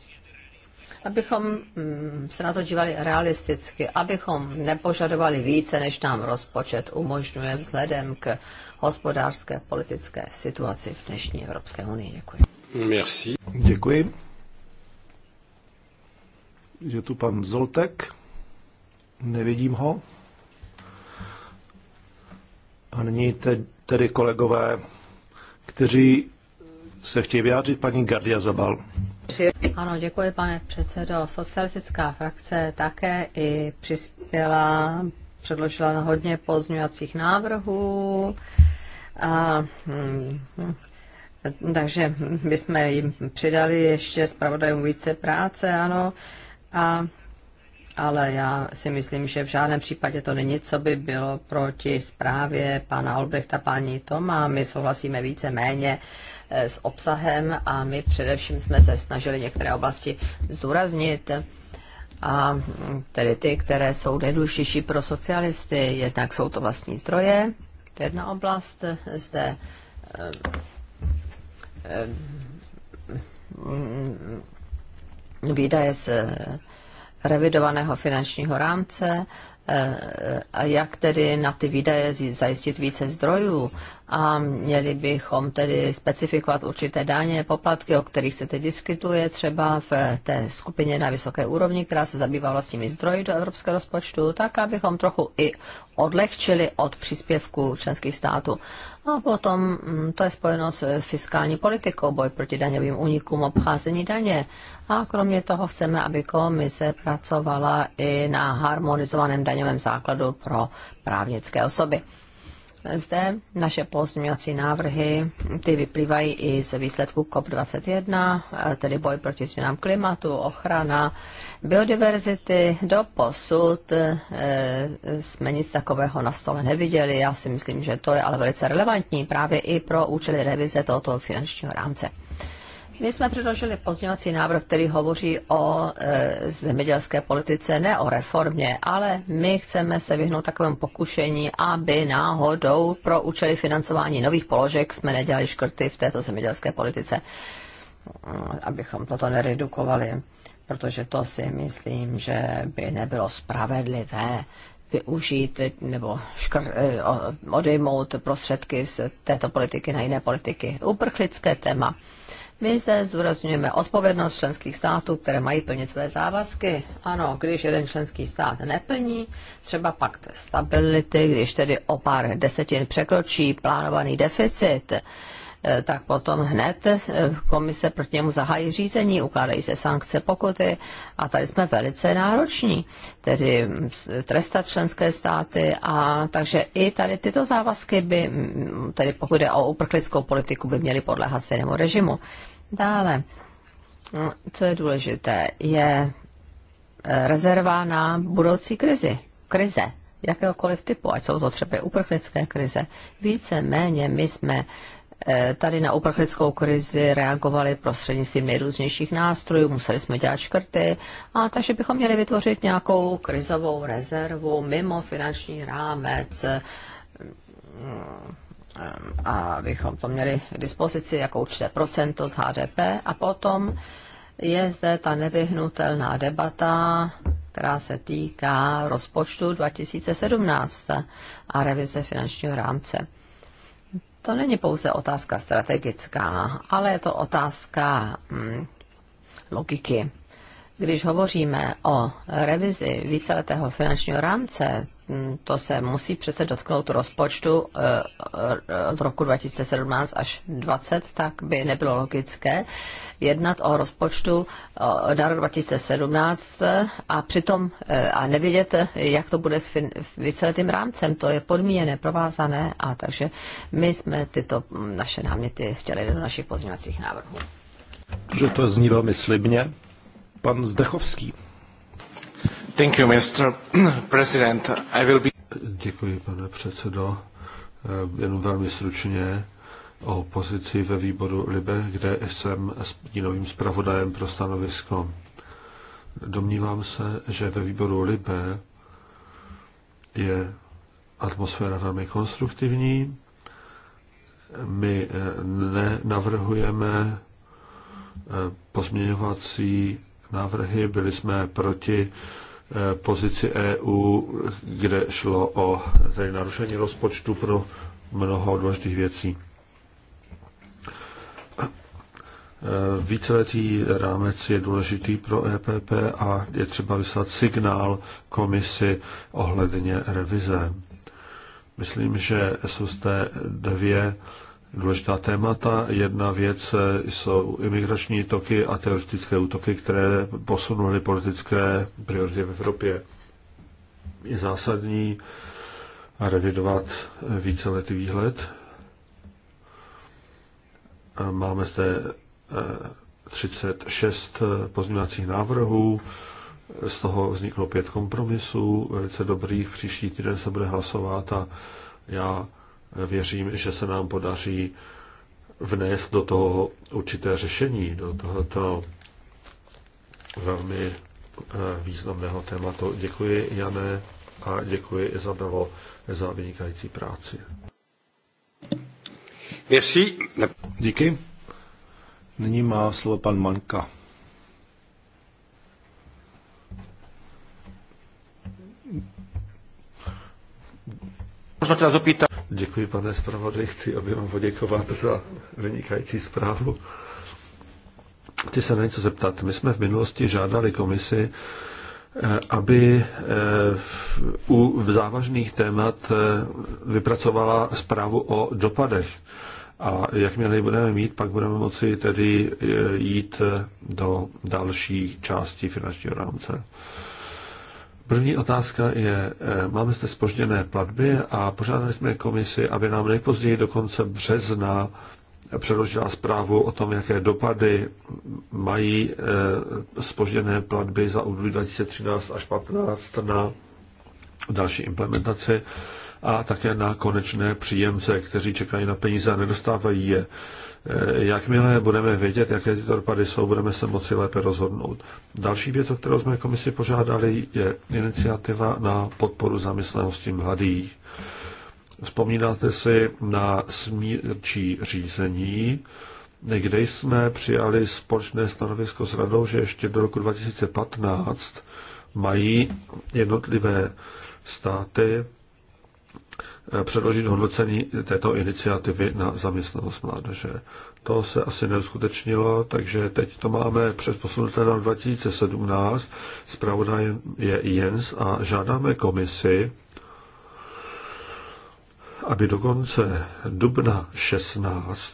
Speaker 1: abychom mm, se na to dívali realisticky, abychom nepožadovali více, než nám rozpočet umožňuje vzhledem k hospodářské politické situaci v dnešní Evropské unii. Děkuji.
Speaker 2: Merci.
Speaker 3: Děkuji. Je tu pan Zoltek. Nevidím ho. A nyní tedy kolegové, kteří se chtějí vyjádřit paní Gardia Zabal.
Speaker 1: Ano, děkuji, pane předsedo. Socialistická frakce také i přispěla, předložila hodně pozňovacích návrhů. A, hm, takže bychom jim přidali ještě zpravodajům více práce, ano. A, ale já si myslím, že v žádném případě to není, co by bylo proti zprávě pana Albrechta, paní Toma. My souhlasíme více méně e, s obsahem a my především jsme se snažili některé oblasti zdůraznit a tedy ty, které jsou nejdůležitější pro socialisty, jednak jsou to vlastní zdroje, to je jedna oblast, e, zde eh, eh, výdaje z eh, revidovaného finančního rámce eh, a jak tedy na ty výdaje zajistit více zdrojů a měli bychom tedy specifikovat určité daně, poplatky, o kterých se teď diskutuje, třeba v té skupině na vysoké úrovni, která se zabývá vlastními zdroji do evropského rozpočtu, tak abychom trochu i odlehčili od příspěvku členských států. A potom mm, to je spojeno s fiskální politikou, boj proti daňovým únikům, obcházení daně. A kromě toho chceme, aby komise pracovala i na harmonizovaném daňovém základu pro právnické osoby zde naše pozměňovací návrhy, ty vyplývají i z výsledku COP21, eh, tedy boj proti změnám klimatu, ochrana biodiverzity. Do posud eh, jsme nic takového na stole neviděli. Já si myslím, že to je ale velice relevantní právě i pro účely revize tohoto finančního rámce. My jsme předložili pozměňovací návrh, který hovoří o e, zemědělské politice, ne o reformě, ale my chceme se vyhnout takovému pokušení, aby náhodou pro účely financování nových položek jsme nedělali škrty v této zemědělské politice, abychom toto neredukovali, protože to si myslím, že by nebylo spravedlivé využít nebo škr, e, odejmout prostředky z této politiky na jiné politiky. Uprchlické téma my zde zdůrazňujeme odpovědnost členských států, které mají plnit své závazky. Ano, když jeden členský stát neplní, třeba pakt stability, když tedy o pár desetin překročí plánovaný deficit, Eh, tak potom hned eh, komise proti němu zahájí řízení, ukládají se sankce, pokuty a tady jsme velice nároční, tedy mm, trestat členské státy a takže i tady tyto závazky by, mm, tedy pokud jde o uprchlickou politiku, by měly podléhat stejnému režimu. Dále, mm, co je důležité, je eh, rezerva na budoucí krizi, krize jakéhokoliv typu, ať jsou to třeba uprchlické krize. Více méně my jsme Eh, tady na uprchlickou krizi reagovali prostřednictvím nejrůznějších nástrojů, museli jsme dělat škrty, a takže bychom měli vytvořit nějakou krizovou rezervu mimo finanční rámec, eh, a abychom to měli k dispozici jako určité procento z HDP a potom je zde ta nevyhnutelná debata, která se týká rozpočtu 2017 a revize finančního rámce to není pouze otázka strategická, ale je to otázka hm, logiky. Když hovoříme o revizi víceletého finančního rámce, Mm, to se musí přece dotknout rozpočtu od eh, eh, roku 2017 až 2020, tak by nebylo logické jednat o rozpočtu na rok 2017 eh, a přitom a nevědět, jak to bude s víceletým rámcem. To je podmíněné, provázané a takže my jsme tyto mm, naše náměty chtěli do našich pozměňovacích návrhů.
Speaker 3: Že to zní velmi slibně. Pan
Speaker 1: Zdechovský.
Speaker 2: Thank you, Mr. President. I will be... Děkuji, pane předsedo. Eh, jenom velmi stručně o pozici ve výboru LIBE, kde jsem stínovým zpravodajem pro stanovisko. Domnívám se, že ve výboru LIBE je atmosféra velmi konstruktivní. My eh, nenavrhujeme eh, pozměňovací návrhy, byli jsme proti Eh, pozici EU, kde šlo o tedy narušení rozpočtu pro mnoho důležitých věcí. Eh, víceletý rámec je důležitý pro EPP a je třeba vyslat signál komisi ohledně revize. Myslím, že SUST 2 důležitá témata. Jedna věc eh, jsou imigrační toky a teroristické útoky, které posunuly politické priority v Evropě. Je zásadní revidovat eh, víceletý výhled. Máme zde 36 eh, pozměňovacích návrhů, z toho vzniklo pět kompromisů, velice dobrých. Příští týden se bude hlasovat a já věřím, že se nám podaří vnést do toho určité řešení, do tohoto velmi eh, významného tématu. Děkuji, Jane, a děkuji, Izabelo, za vynikající práci. Merci. Díky.
Speaker 3: Nyní má slovo pan Manka.
Speaker 2: Možná teda zopýtat. Děkuji, pane zpravodaj, chci oběma poděkovat za vynikající zprávu. Chci se na něco zeptat. My jsme v minulosti žádali komisi, eh, aby eh, u závažných témat eh, vypracovala zprávu o dopadech. A jakmile ji budeme mít, pak budeme moci tedy jít do další části finančního rámce. První otázka je, eh, máme zde spožděné platby a požádali jsme komisi, aby nám nejpozději do konce března předložila zprávu o tom, jaké dopady mají spožděné eh, platby za období 2013 až 2015 na další implementaci a také na konečné příjemce, kteří čekají na peníze a nedostávají je. Eh, jakmile budeme vědět, jaké tyto dopady jsou, budeme se moci lépe rozhodnout. Další věc, o kterou jsme komisi požádali, je iniciativa na podporu zaměstnanosti mladých. Vzpomínáte si na smírčí řízení, kde jsme přijali společné stanovisko s radou, že ještě do roku 2015 mají jednotlivé státy předložit hodnocení této iniciativy na zaměstnanost mládeže. To se asi neuskutečnilo, takže teď to máme předposunuté na 2017. Zpravodajem je Jens a žádáme komisi, aby do konce dubna 16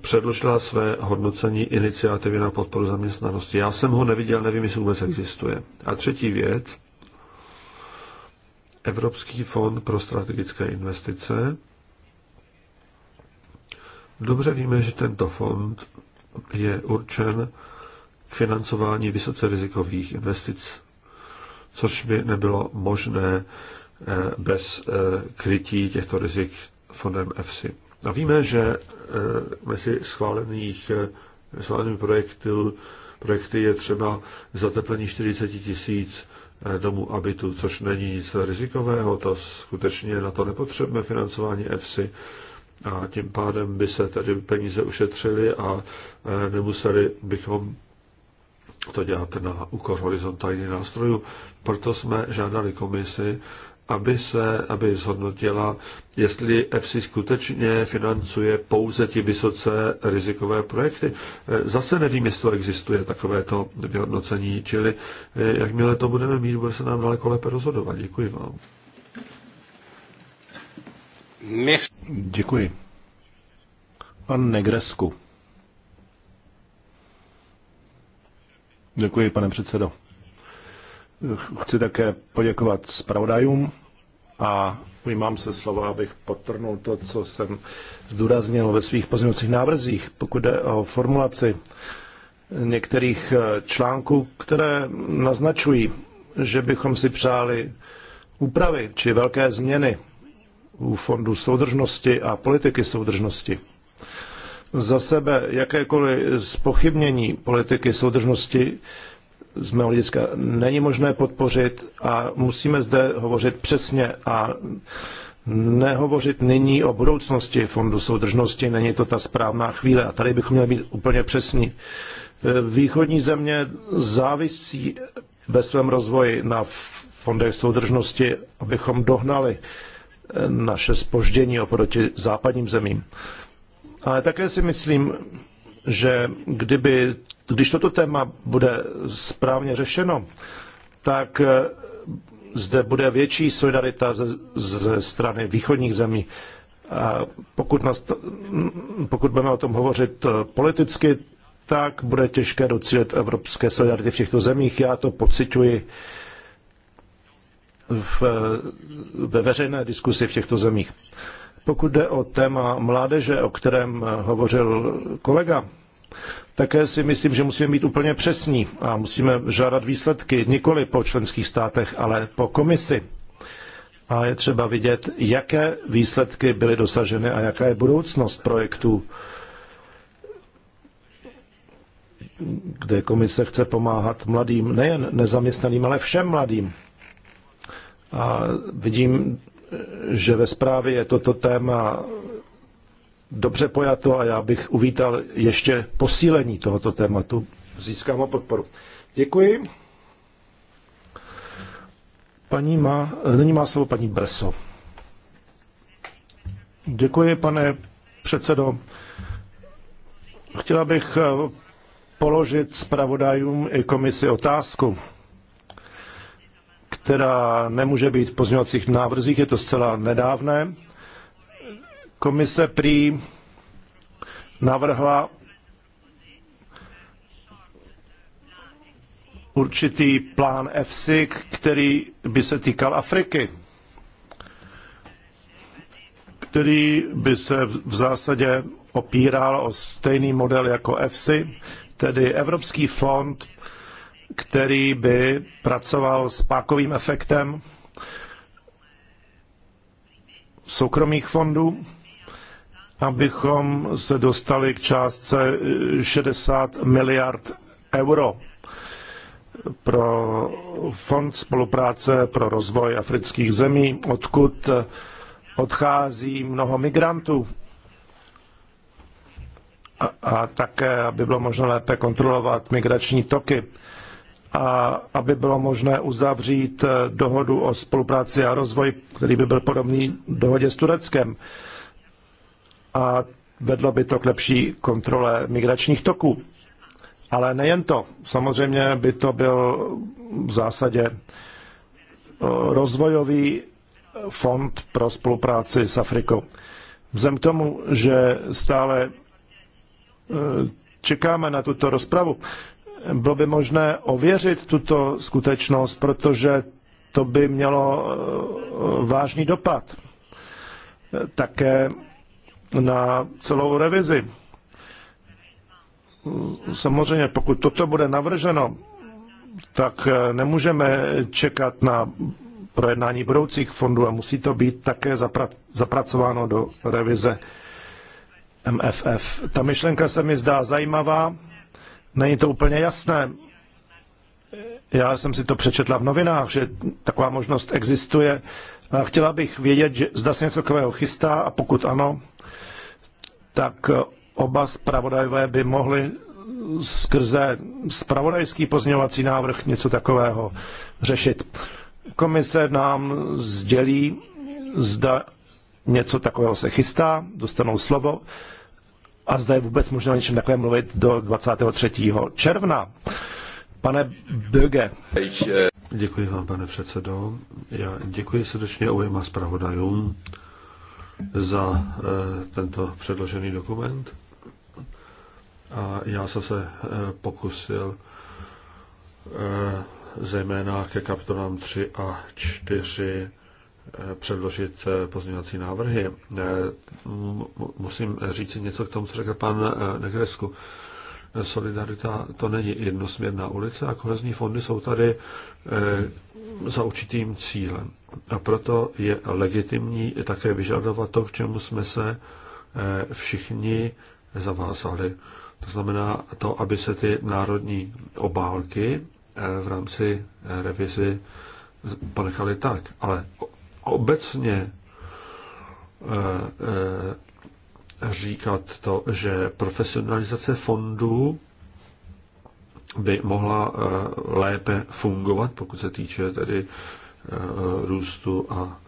Speaker 2: předložila své hodnocení iniciativy na podporu zaměstnanosti. Já jsem ho neviděl, nevím, jestli vůbec existuje. A třetí věc, Evropský fond pro strategické investice. Dobře víme, že tento fond je určen k financování vysoce rizikových investic, což by nebylo možné eh, bez eh, krytí těchto rizik fondem EFSI. A víme, že eh, mezi schválených, schválenými projekty, projekty je třeba zateplení 40 tisíc domu, eh, abitu, což není nic rizikového, to skutečně na to nepotřebujeme financování EFSI a tím pádem by se tady peníze ušetřily a eh, nemuseli bychom to dělat na úkor horizontálních nástrojů. Proto jsme žádali komisi, aby, se, aby zhodnotila, jestli EFSI skutečně financuje pouze ti vysoce rizikové projekty. E, zase nevím, jestli to existuje takovéto vyhodnocení, čili e, jakmile to budeme mít, bude se nám daleko lépe rozhodovat. Děkuji vám. Děkuji. Pan Negresku.
Speaker 3: Děkuji, pane předsedo. Chci také poděkovat zpravodajům a ujímám se slova, abych potrhnul to, co jsem zdůraznil ve svých pozměňovacích návrzích, pokud jde o formulaci některých eh, článků, které naznačují, že bychom si přáli úpravy či velké změny u Fondu soudržnosti a politiky soudržnosti. Za sebe jakékoliv spochybnění politiky soudržnosti z mého hlediska není možné podpořit a musíme zde hovořit přesně a nehovořit nyní o budoucnosti fondu soudržnosti, není to ta správná chvíle. A tady bychom měli být úplně přesní. Východní země závisí ve svém rozvoji na fondech soudržnosti, abychom dohnali naše spoždění oproti západním zemím. Ale také si myslím, že kdyby, když toto téma bude správně řešeno, tak eh, zde bude větší solidarita ze, ze strany východních zemí. A pokud, nast, pokud budeme o tom hovořit eh, politicky, tak bude těžké docílit evropské solidarity v těchto zemích. Já to pocituji v, eh, ve veřejné diskusi v těchto zemích. Pokud jde o téma mládeže, o kterém hovořil kolega, také si myslím, že musíme být úplně přesní a musíme žádat výsledky nikoli po členských státech, ale po komisi. A je třeba vidět, jaké výsledky byly dosaženy a jaká je budoucnost projektu, kde komise chce pomáhat mladým, nejen nezaměstnaným, ale všem mladým. A vidím že ve zprávě je toto téma dobře pojato a já bych uvítal ještě posílení tohoto tématu. Získám ho podporu. Děkuji. Paní má, nyní má slovo paní Breso. Děkuji, pane předsedo. Chtěla bych položit zpravodajům i komisi otázku která nemůže být v pozměňovacích návrzích, je to zcela nedávné. Komise prý navrhla určitý plán EFSIC, který by se týkal Afriky, který by se v zásadě opíral o stejný model jako EFSI, tedy Evropský fond který by pracoval s pákovým efektem soukromých fondů, abychom se dostali k částce 60 eh, miliard euro pro Fond spolupráce pro rozvoj afrických zemí, odkud eh, odchází mnoho migrantů. A, a také, aby bylo možno lépe kontrolovat migrační toky a aby bylo možné uzavřít eh, dohodu o spolupráci a rozvoji, který by byl podobný dohodě s Tureckem. A vedlo by to k lepší kontrole migračních toků. Ale nejen to. Samozřejmě by to byl v zásadě eh, rozvojový fond pro spolupráci s Afrikou. Vzem k tomu, že stále eh, čekáme na tuto rozpravu, bylo by možné ověřit tuto skutečnost, protože to by mělo eh, vážný dopad také na celou revizi. Samozřejmě, pokud toto bude navrženo, tak eh, nemůžeme čekat na projednání budoucích fondů a musí to být také zapracováno do revize MFF. Ta myšlenka se mi zdá zajímavá Není to úplně jasné. Já jsem si to přečetla v novinách, že taková možnost existuje. A chtěla bych vědět, že zda se něco takového chystá a pokud ano, tak oba zpravodajové by mohli skrze spravodajský pozměňovací návrh něco takového řešit. Komise nám sdělí, zda něco takového se chystá, dostanou slovo a zda je vůbec možné o něčem takovém mluvit do 23. června. Pane Böge.
Speaker 2: Děkuji vám, pane předsedo. Já děkuji srdečně oběma zpravodajům za eh, tento předložený dokument. A já jsem se eh, pokusil eh, zejména ke kapitolám 3 a 4 předložit eh, pozměňovací návrhy. Eh, musím říct něco k tomu, co řekl pan eh, Negresku. Solidarita to není jednosměrná ulice a kohezní fondy jsou tady za určitým cílem. A proto je legitimní také vyžadovat to, k čemu jsme se všichni zavázali. To znamená to, aby se ty národní obálky v rámci revizi ponechaly tak. Ale obecně eh, eh, říkat to, že profesionalizace fondů by mohla eh, lépe fungovat, pokud se týče tedy růstu a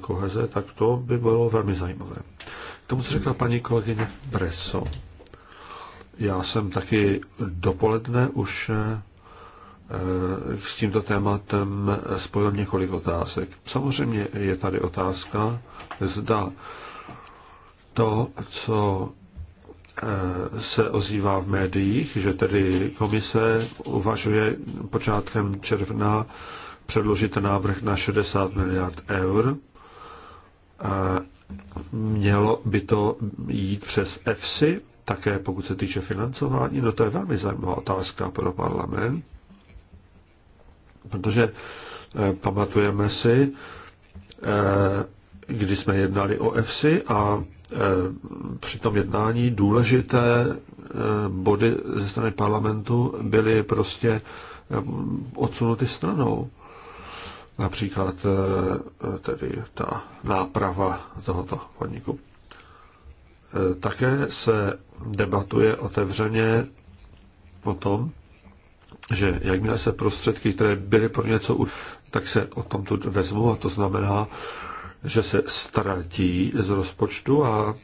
Speaker 2: koheze, tak to by bylo velmi zajímavé. K tomu, co řekla paní kolegyně Breso, já jsem taky dopoledne už Eh, s tímto tématem spojil několik otázek. Samozřejmě je tady otázka, zda to, co eh, se ozývá v médiích, že tedy komise uvažuje počátkem června předložit návrh na 60 miliard eur. Eh, mělo by to jít přes EFSI, také pokud se týče financování, no to je velmi zajímavá otázka pro parlament. Protože eh, pamatujeme si, eh, když jsme jednali o EFSI a eh, při tom jednání důležité body ze strany parlamentu byly prostě odsunuty stranou. Například tedy ta náprava tohoto podniku. Také se debatuje otevřeně o tom, že jakmile se prostředky, které byly pro něco, tak se o tom tu vezmu a to znamená, že se ztratí z rozpočtu a e,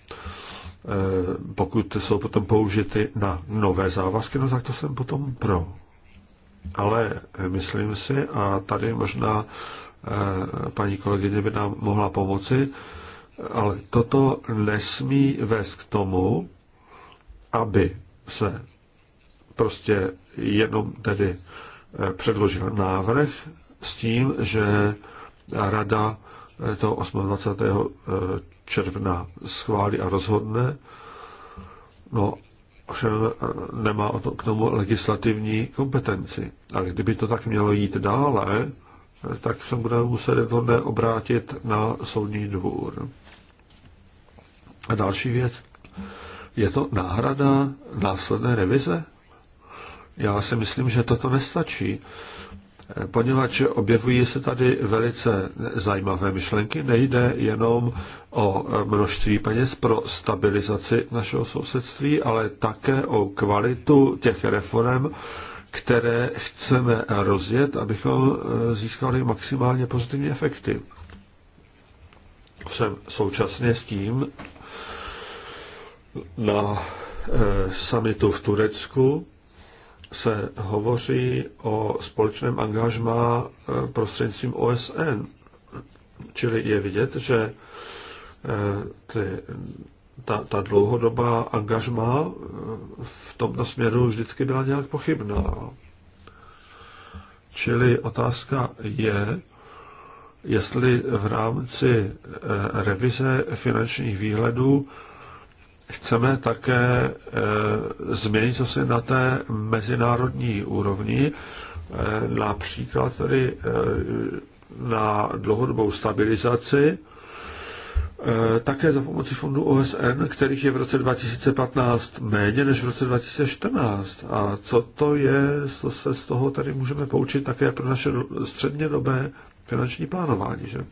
Speaker 2: pokud jsou potom použity na nové závazky, no tak to jsem potom pro. Ale myslím si, a tady možná e, paní kolegyně by nám mohla pomoci, ale toto nesmí vést k tomu, aby se prostě jenom tedy eh, předložil návrh s tím, že rada eh, toho 28. Eh, června schválí a rozhodne. No, ovšem nemá k tomu legislativní kompetenci. A kdyby to tak mělo jít dále, tak se budeme muset to obrátit na soudní dvůr. A další věc. Je to náhrada následné revize? Já si myslím, že toto nestačí, eh, poněvadž objevují se tady velice zajímavé myšlenky. Nejde jenom o eh, množství peněz pro stabilizaci našeho sousedství, ale také o kvalitu těch reform, které chceme rozjet, abychom eh, získali maximálně pozitivní efekty. Jsem současně s tím na samitu v Turecku se hovoří o společném angažmá eh, prostřednictvím OSN. Čili je vidět, že eh, ty, ta, ta dlouhodobá angažmá eh, v tomto směru vždycky byla nějak pochybná. Čili otázka je, jestli v rámci revize finančních výhledů chceme také eh, změnit zase na té mezinárodní úrovni, eh, například tedy eh, na dlouhodobou stabilizaci, také za pomoci fondu OSN, kterých je v roce 2015 méně než v roce 2014. A co to je, co se z toho tady můžeme poučit také pro naše střednědobé finanční plánování, že?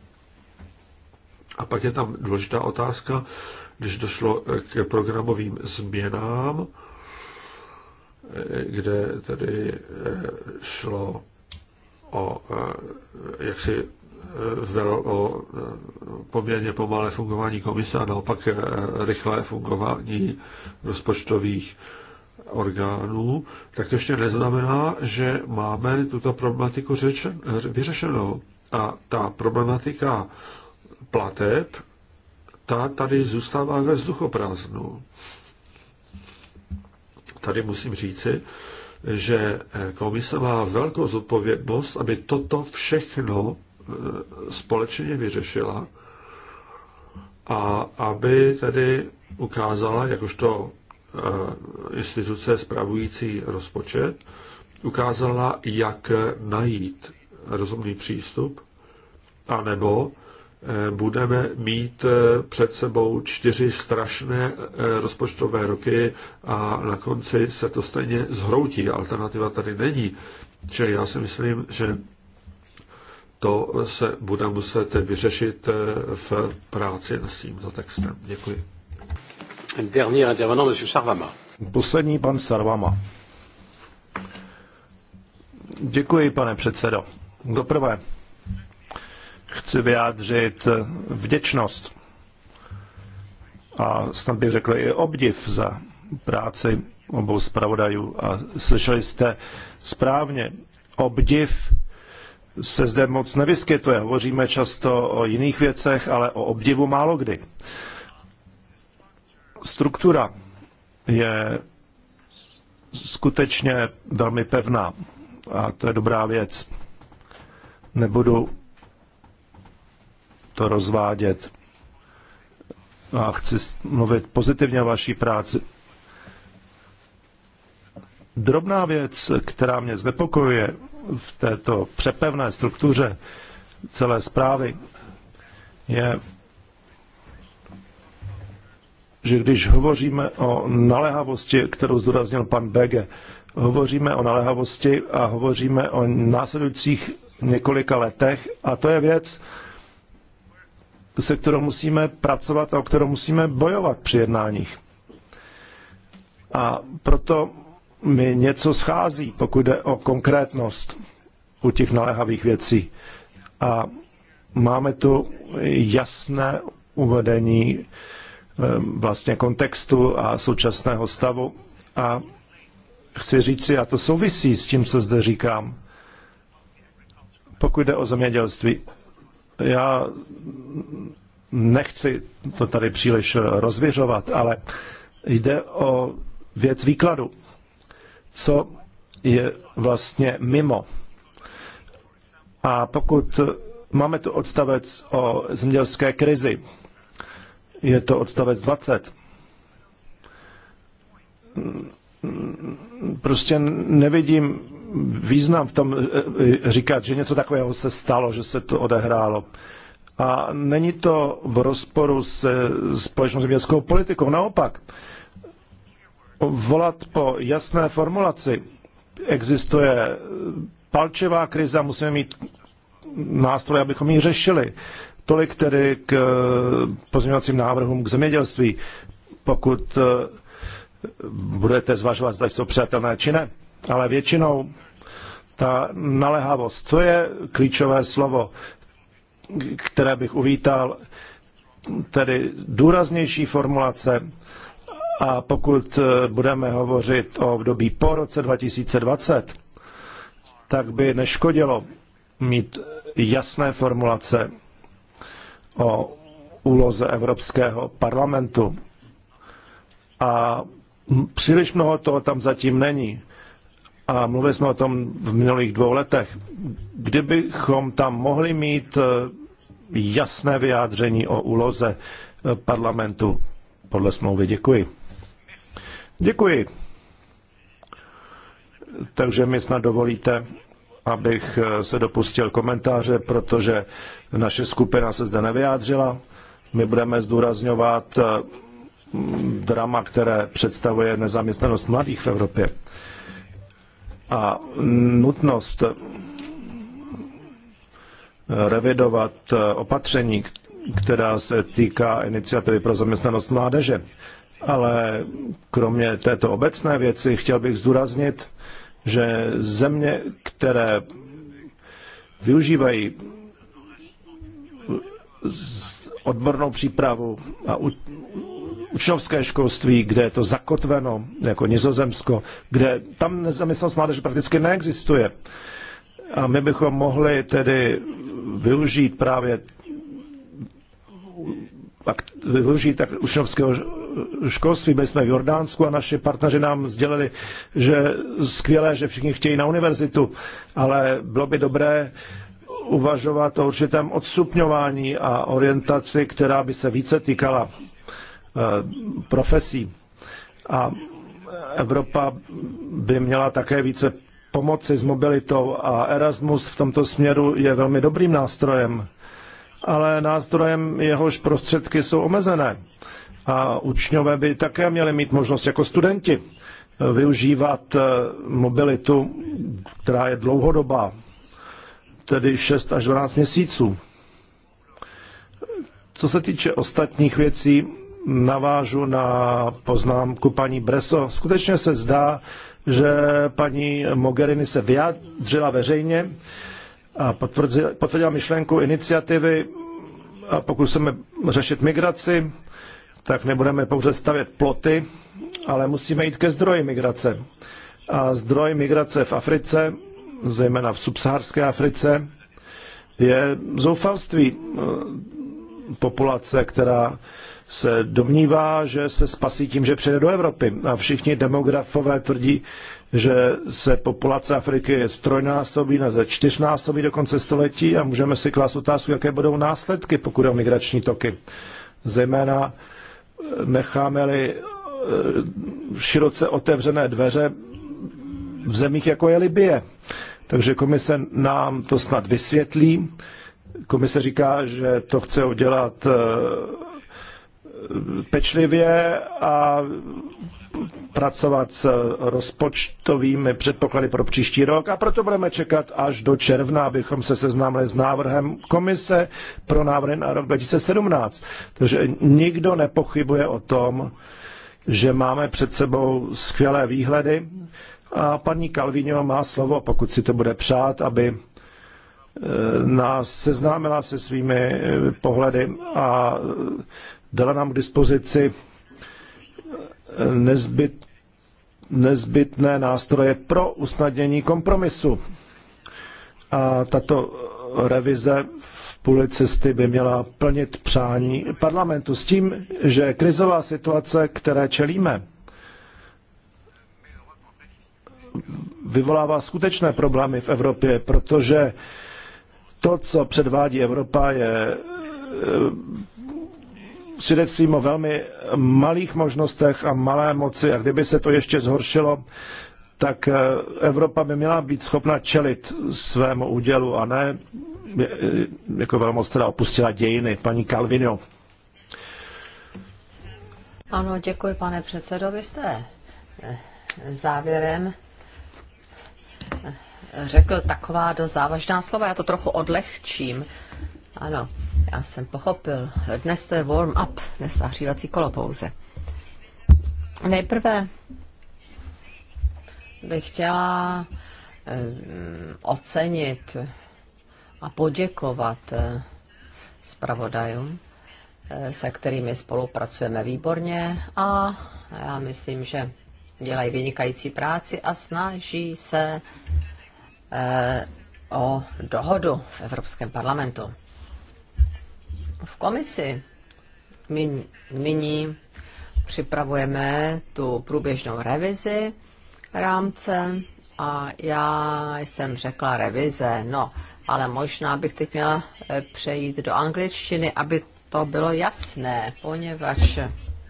Speaker 2: A pak je tam důležitá otázka, když došlo eh, k programovým změnám, eh, kde tedy eh, šlo o jaksi o poměrně pomalé fungování komise a naopak rychlé fungování rozpočtových orgánů, tak to ještě neznamená, že máme tuto problematiku řečen, vyřešenou. A ta problematika plateb ta tady zůstává ve vzduchoprázdnu. Tady musím říci, že komise má velkou zodpovědnost, aby toto všechno eh, společně vyřešila a aby tedy ukázala, jakožto eh, instituce spravující rozpočet, ukázala, jak najít rozumný přístup, anebo Eh, budeme mít eh, před sebou čtyři strašné eh, rozpočtové roky a na konci se to stejně zhroutí. Alternativa tady není. Čili já si myslím, že to se bude muset vyřešit v práci s tímto textem. Děkuji.
Speaker 1: Sarvama.
Speaker 3: Poslední pan Sarvama. Děkuji, pane předsedo. Za prvé, chci vyjádřit vděčnost a snad bych řekl i obdiv za práci obou zpravodajů. A slyšeli jste správně, obdiv se zde moc nevyskytuje. Hovoříme často o jiných věcech, ale o obdivu málo kdy. Struktura je skutečně velmi pevná a to je dobrá věc. Nebudu to rozvádět. A chci mluvit pozitivně o vaší práci. Drobná věc, která mě znepokojuje v této přepevné struktuře celé zprávy, je, že když hovoříme o naléhavosti, kterou zdůraznil pan Bege, hovoříme o naléhavosti a hovoříme o následujících několika letech a to je věc, se kterou musíme pracovat a o kterou musíme bojovat při jednáních. A proto mi něco schází, pokud jde o konkrétnost u těch naléhavých věcí. A máme tu jasné uvedení eh, vlastně kontextu a současného stavu. A chci říci, a to souvisí s tím, co zde říkám, pokud jde o zemědělství, já nechci to tady příliš rozvěřovat, ale jde o věc výkladu. Co je vlastně mimo? A pokud máme tu odstavec o zemědělské krizi, je to odstavec 20. Prostě nevidím význam v tom e, e, říkat, že něco takového se stalo, že se to odehrálo. A není to v rozporu s společnou zemědělskou politikou. Naopak, volat po jasné formulaci, existuje palčivá krize, musíme mít nástroje, abychom ji řešili. Tolik tedy k e, pozměňovacím návrhům k zemědělství. Pokud budete zvažovat, zda jsou přijatelné či ne ale většinou ta naléhavost, to je klíčové slovo, které bych uvítal, tedy důraznější formulace. A pokud eh, budeme hovořit o období po roce 2020, tak by neškodilo mít jasné formulace o úloze Evropského parlamentu. A příliš mnoho toho tam zatím není a mluvili jsme o tom v minulých dvou letech. Kdybychom tam mohli mít eh, jasné vyjádření o úloze eh, parlamentu podle smlouvy. Děkuji. Děkuji. Takže mi snad dovolíte, abych eh, se dopustil komentáře, protože naše skupina se zde nevyjádřila. My budeme zdůrazňovat drama, které představuje nezaměstnanost mladých v Evropě a nutnost revidovat opatření, která se týká iniciativy pro zaměstnanost mládeže. Ale kromě této obecné věci chtěl bych zdůraznit, že země, které využívají odbornou přípravu a učňovské školství, kde je to zakotveno, jako Nizozemsko, kde tam nezaměstnanost mládeže prakticky neexistuje. A my bychom mohli tedy využít právě využít tak učňovského školství. Byli jsme v Jordánsku a naši partneři nám sdělili, že skvělé, že všichni chtějí na univerzitu, ale bylo by dobré uvažovat o určitém odstupňování a orientaci, která by se více týkala Eh, profesí. A Evropa by měla také více pomoci s mobilitou a Erasmus v tomto směru je velmi dobrým nástrojem, ale nástrojem jehož prostředky jsou omezené. A učňové by také měli mít možnost jako studenti využívat eh, mobilitu, která je dlouhodobá, tedy 6 až 12 měsíců. Co se týče ostatních věcí, navážu na poznámku paní Breso. Skutečně se zdá, že paní Mogherini se vyjádřila veřejně a potvrdila myšlenku iniciativy a pokud chceme řešit migraci, tak nebudeme pouze stavět ploty, ale musíme jít ke zdroji migrace. A zdroj migrace v Africe, zejména v subsaharské Africe, je zoufalství populace, která se domnívá, že se spasí tím, že přijde do Evropy. A všichni demografové tvrdí, že se populace Afriky je strojnásobí, ne, čtyřnásobí do konce století a můžeme si klást otázku, jaké budou následky, pokud o migrační toky. Zejména eh, necháme-li eh, široce otevřené dveře v zemích, jako je Libie. Takže komise nám to snad vysvětlí Komise říká, že to chce udělat eh, pečlivě a pracovat s rozpočtovými předpoklady pro příští rok a proto budeme čekat až do června, abychom se seznámili s návrhem komise pro návrhy na rok 2017. Takže nikdo nepochybuje o tom, že máme před sebou skvělé výhledy a paní Kalvíňová má slovo, pokud si to bude přát, aby Eh, nás seznámila se svými eh, pohledy a eh, dala nám k dispozici nezbyt, nezbytné nástroje pro usnadnění kompromisu. A tato revize v půli cesty by měla plnit přání parlamentu s tím, že krizová situace, které čelíme, vyvolává skutečné problémy v Evropě, protože to, co předvádí Evropa, je eh, svědectvím o velmi malých možnostech a malé moci. A kdyby se to ještě zhoršilo, tak eh, Evropa by měla být schopna čelit svému údělu a ne eh, jako velmoc teda opustila dějiny. Paní Calvino.
Speaker 1: Ano, děkuji, pane předsedo. Vy jste závěrem řekl taková dost závažná slova. Já to trochu odlehčím. Ano, já jsem pochopil. Dnes to je warm-up, dnes zahřívací kolo pouze. Nejprve bych chtěla eh, ocenit a poděkovat eh, zpravodajům, eh, se kterými spolupracujeme výborně a já myslím, že dělají vynikající práci a snaží se Eh, o dohodu v Evropském parlamentu. V komisi my nyní připravujeme tu průběžnou revizi rámce a já jsem řekla revize, no, ale možná bych teď měla eh, přejít do angličtiny, aby to bylo jasné, poněvadž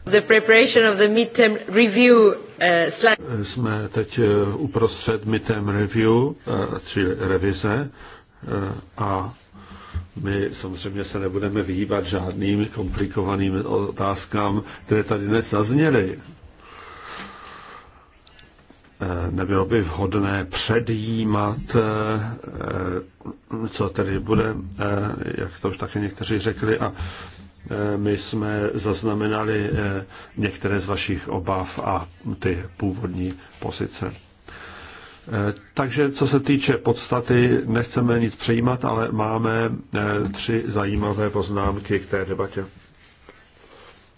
Speaker 1: The preparation of the midterm review uh,
Speaker 2: jsme teď uh, uprostřed midterm review, uh, tři revize, uh, a my samozřejmě se nebudeme vyhýbat žádným komplikovaným otázkám, které tady dnes zazněly. Eh, nebylo by vhodné předjímat, eh, eh, co tedy bude, jak to už také někteří řekli, a Eh, my jsme zaznamenali eh, některé z vašich obav a ty původní pozice. Eh, takže co se týče podstaty, nechceme nic přijímat, ale máme tři zajímavé poznámky k té debatě.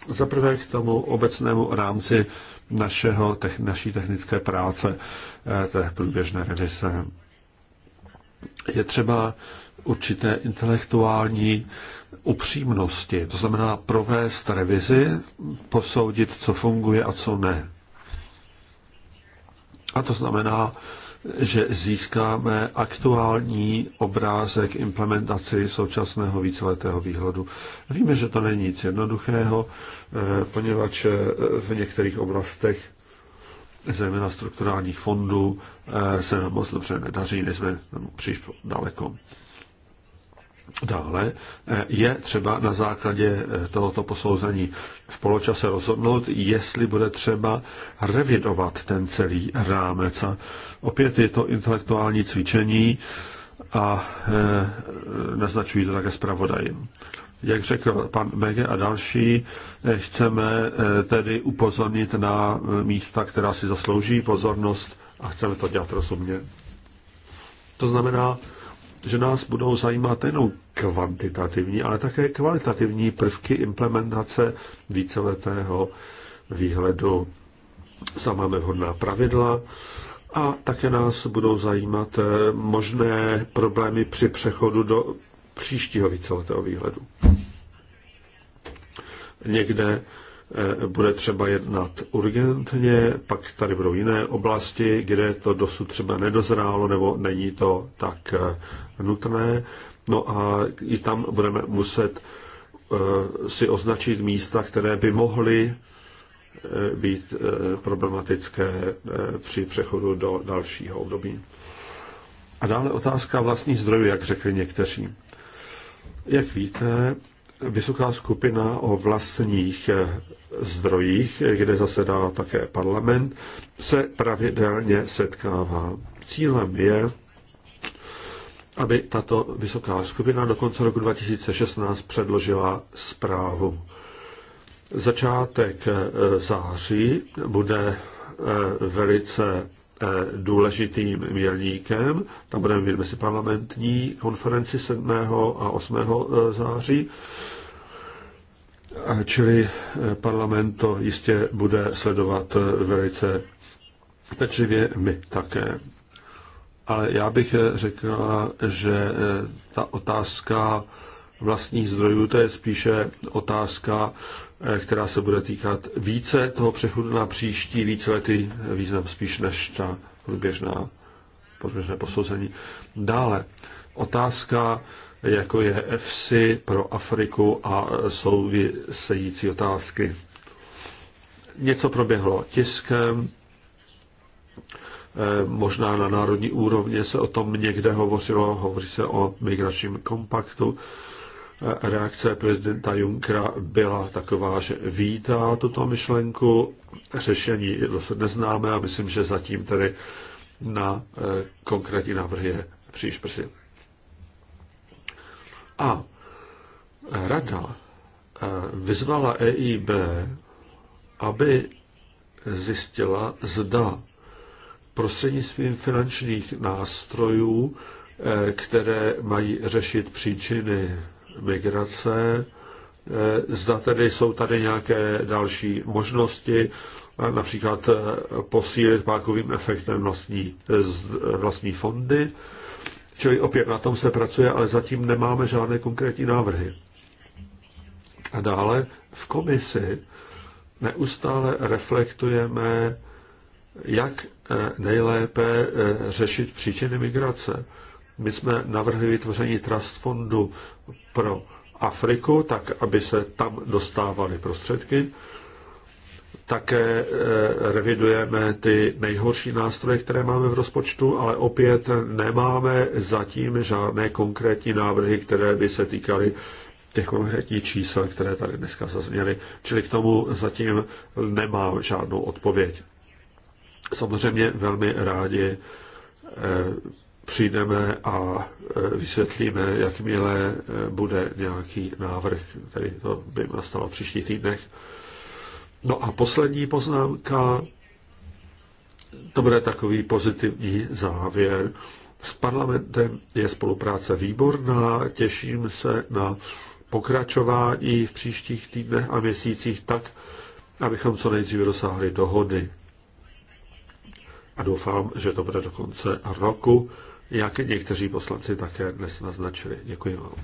Speaker 2: Za prvé k tomu obecnému rámci našeho, naší technické práce, té průběžné revize je třeba určité intelektuální upřímnosti. To znamená provést revizi, posoudit, co funguje a co ne. A to znamená, že získáme aktuální obrázek implementaci současného víceletého výhledu. Víme, že to není nic jednoduchého, eh, poněvadž eh, v některých oblastech zejména strukturálních fondů, eh, se nám moc dobře nedaří, nejsme příliš daleko. Dále eh, je třeba na základě eh, tohoto posouzení v poločase rozhodnout, jestli bude třeba revidovat ten celý rámec. A opět je to intelektuální cvičení a naznačují to také zpravodaji jak řekl pan Bege a další, eh, chceme eh, tedy upozornit na eh, místa, která si zaslouží pozornost a chceme to dělat rozumně. To znamená, že nás budou zajímat jenom kvantitativní, ale také kvalitativní prvky implementace víceletého výhledu. Zda máme vhodná pravidla a také nás budou zajímat možné problémy při přechodu do příštího víceletého výhledu. Někde eh, bude třeba jednat urgentně, pak tady budou jiné oblasti, kde to dosud třeba nedozrálo nebo není to tak eh, nutné. No a i tam budeme muset eh, si označit místa, které by mohly být problematické při přechodu do dalšího období. A dále otázka vlastních zdrojů, jak řekli někteří. Jak víte, vysoká skupina o vlastních zdrojích, kde zasedá také parlament, se pravidelně setkává. Cílem je, aby tato vysoká skupina do konce roku 2016 předložila zprávu. Začátek září bude eh, velice Eh, důležitým měrníkem. Tam budeme mít parlamentní konferenci 7. a 8. Eh, září. Čili eh, parlament to jistě bude sledovat velice pečlivě my také. Ale já bych řekla, že ta otázka vlastních zdrojů, to je spíše otázka Eh, která se bude týkat více toho přechodu na příští víceletý význam, spíš než ta průběžná, průběžné posouzení. Dále otázka, jako je EFSI pro Afriku a související otázky. Něco proběhlo tiskem, eh, možná na národní úrovně se o tom někde hovořilo, hovoří se o migračním kompaktu, reakce prezidenta Junckera byla taková, že vítá tuto myšlenku. Řešení dosud neznáme a myslím, že zatím tedy na eh, konkrétní návrh je příliš brzy. A rada eh, vyzvala EIB, aby zjistila, zda prostřednictvím finančních nástrojů, eh, které mají řešit příčiny migrace, eh, zda tedy jsou tady nějaké další možnosti, eh, například eh, posílit pákovým efektem vlastní, vlastní fondy, čili opět na tom se pracuje, ale zatím nemáme žádné konkrétní návrhy. A dále v komisi neustále reflektujeme, jak nejlépe řešit příčiny migrace. My jsme navrhli vytvoření trust fondu pro Afriku, tak aby se tam dostávaly prostředky. Také eh, revidujeme ty nejhorší nástroje, které máme v rozpočtu, ale opět nemáme zatím žádné konkrétní návrhy, které by se týkaly těch konkrétních čísel, které tady dneska zazněly. Čili k tomu zatím nemám žádnou odpověď. Samozřejmě velmi rádi eh, přijdeme a e, vysvětlíme, jakmile e, bude nějaký návrh, který to by nastalo v příštích týdnech. No a poslední poznámka, to bude takový pozitivní závěr. S parlamentem je spolupráce výborná, těším se na pokračování v příštích týdnech a měsících tak, abychom co nejdříve dosáhli dohody. A doufám, že to bude do konce roku jak někteří poslanci také dnes naznačili. Děkuji vám.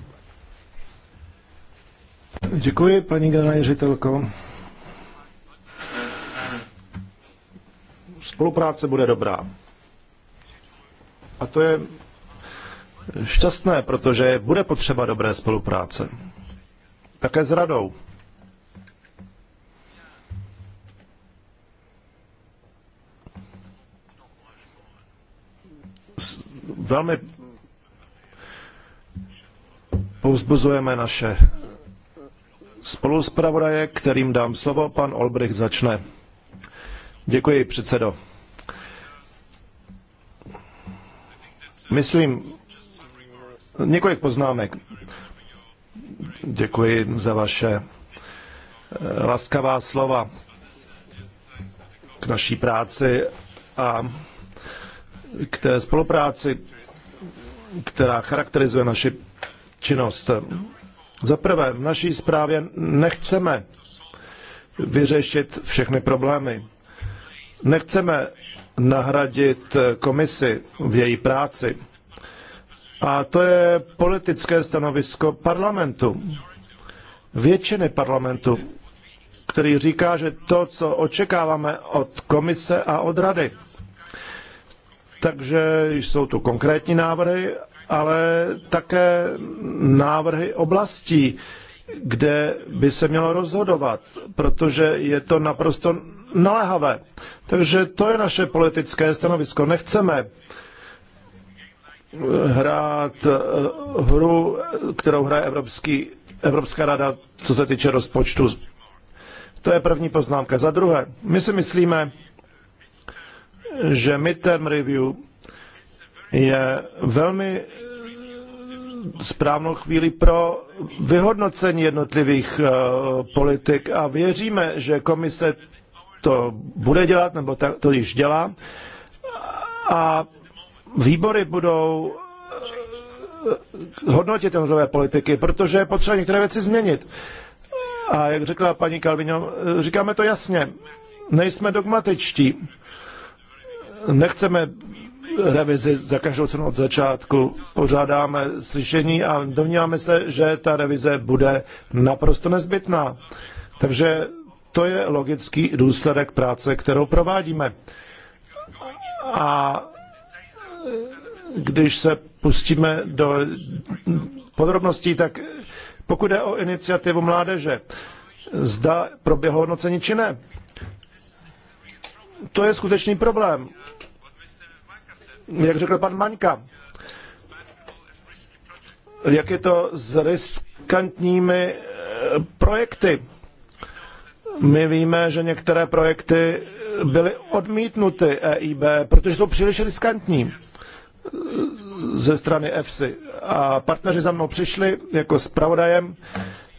Speaker 3: Děkuji, paní generální ředitelko. Spolupráce bude dobrá. A to je šťastné, protože bude potřeba dobré spolupráce. Také s radou velmi povzbuzujeme naše spoluzpravodaje, kterým dám slovo. Pan Olbrich začne. Děkuji, předsedo. Myslím, několik poznámek. Děkuji za vaše eh, laskavá slova k naší práci a k té spolupráci, která charakterizuje naši činnost. Za prvé, v naší zprávě nechceme vyřešit všechny problémy. Nechceme nahradit komisi v její práci. A to je politické stanovisko parlamentu. Většiny parlamentu, který říká, že to, co očekáváme od komise a od rady, takže jsou tu konkrétní návrhy, ale také návrhy oblastí, kde by se mělo rozhodovat, protože je to naprosto naléhavé. Takže to je naše politické stanovisko. Nechceme hrát eh, hru, kterou hraje Evropský, Evropská rada, co se týče rozpočtu. To je první poznámka. Za druhé, my si myslíme, že midterm review je velmi správnou chvíli pro vyhodnocení jednotlivých uh, politik a věříme, že komise to bude dělat, nebo ta, to již dělá. A výbory budou uh, hodnotit jednotlivé politiky, protože je potřeba některé věci změnit. A jak řekla paní Kalvino, eh, říkáme to jasně, nejsme dogmatičtí nechceme revizi za každou cenu od začátku. Pořádáme slyšení a domníváme se, že ta revize bude naprosto nezbytná. Takže to je logický důsledek práce, kterou provádíme. A když se pustíme do podrobností, tak pokud je o iniciativu mládeže, zda proběhlo hodnocení či ne to je skutečný problém. Jak řekl pan Maňka, jak je to s riskantními eh, projekty. My víme, že některé projekty byly odmítnuty EIB, protože jsou příliš riskantní eh, ze strany EFSI. A partneři za mnou přišli jako zpravodajem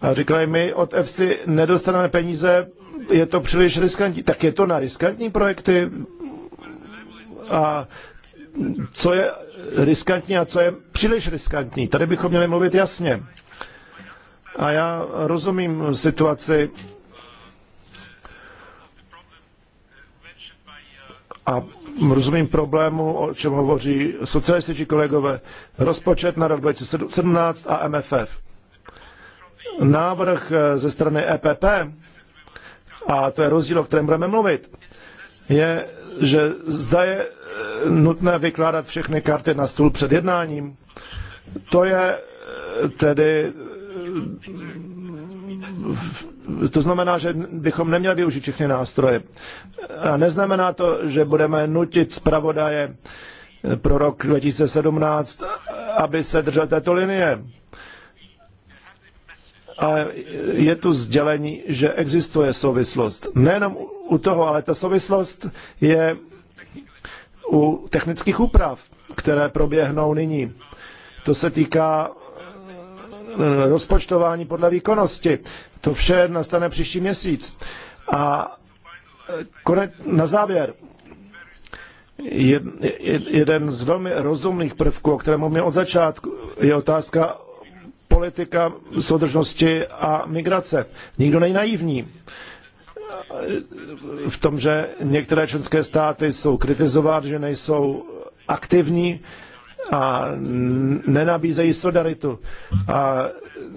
Speaker 3: a říkali, my od EFSI nedostaneme peníze, je to příliš riskantní, tak je to na riskantní projekty a co je riskantní a co je příliš riskantní. Tady bychom měli mluvit jasně. A já rozumím situaci a rozumím problému, o čem hovoří socialističní kolegové, rozpočet na rok 2017 a MFF. Návrh ze strany EPP a to je rozdíl, o kterém budeme mluvit, je, že zda je eh, nutné vykládat všechny karty na stůl před jednáním. To je eh, tedy eh, to znamená, že bychom neměli využít všechny nástroje. A neznamená to, že budeme nutit zpravodaje pro rok 2017, aby se držel této linie a je tu sdělení, že existuje souvislost. Nejenom u toho, ale ta souvislost je u technických úprav, které proběhnou nyní. To se týká eh, rozpočtování podle výkonnosti. To vše nastane příští měsíc. A eh, konec, na závěr, jeden z velmi rozumných prvků, o kterém mě od začátku, je otázka politika soudržnosti a migrace. Nikdo není naivní v tom, že některé členské státy jsou kritizovat, že nejsou aktivní a nenabízejí solidaritu. A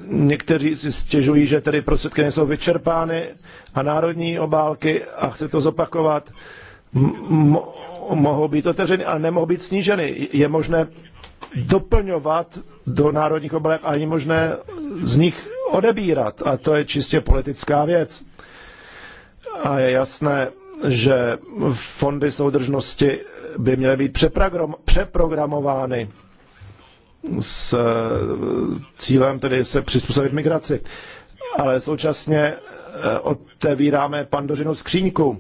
Speaker 3: někteří si stěžují, že tedy prostředky nejsou vyčerpány a národní obálky, a chci to zopakovat, mohou být otevřeny, ale nemohou být sníženy. Je možné doplňovat do národních obalek a není možné z nich odebírat. A to je čistě politická věc. A je jasné, že fondy soudržnosti by měly být přeprogramovány s eh, cílem tedy se přizpůsobit migraci. Ale současně eh, otevíráme pandořinu skříňku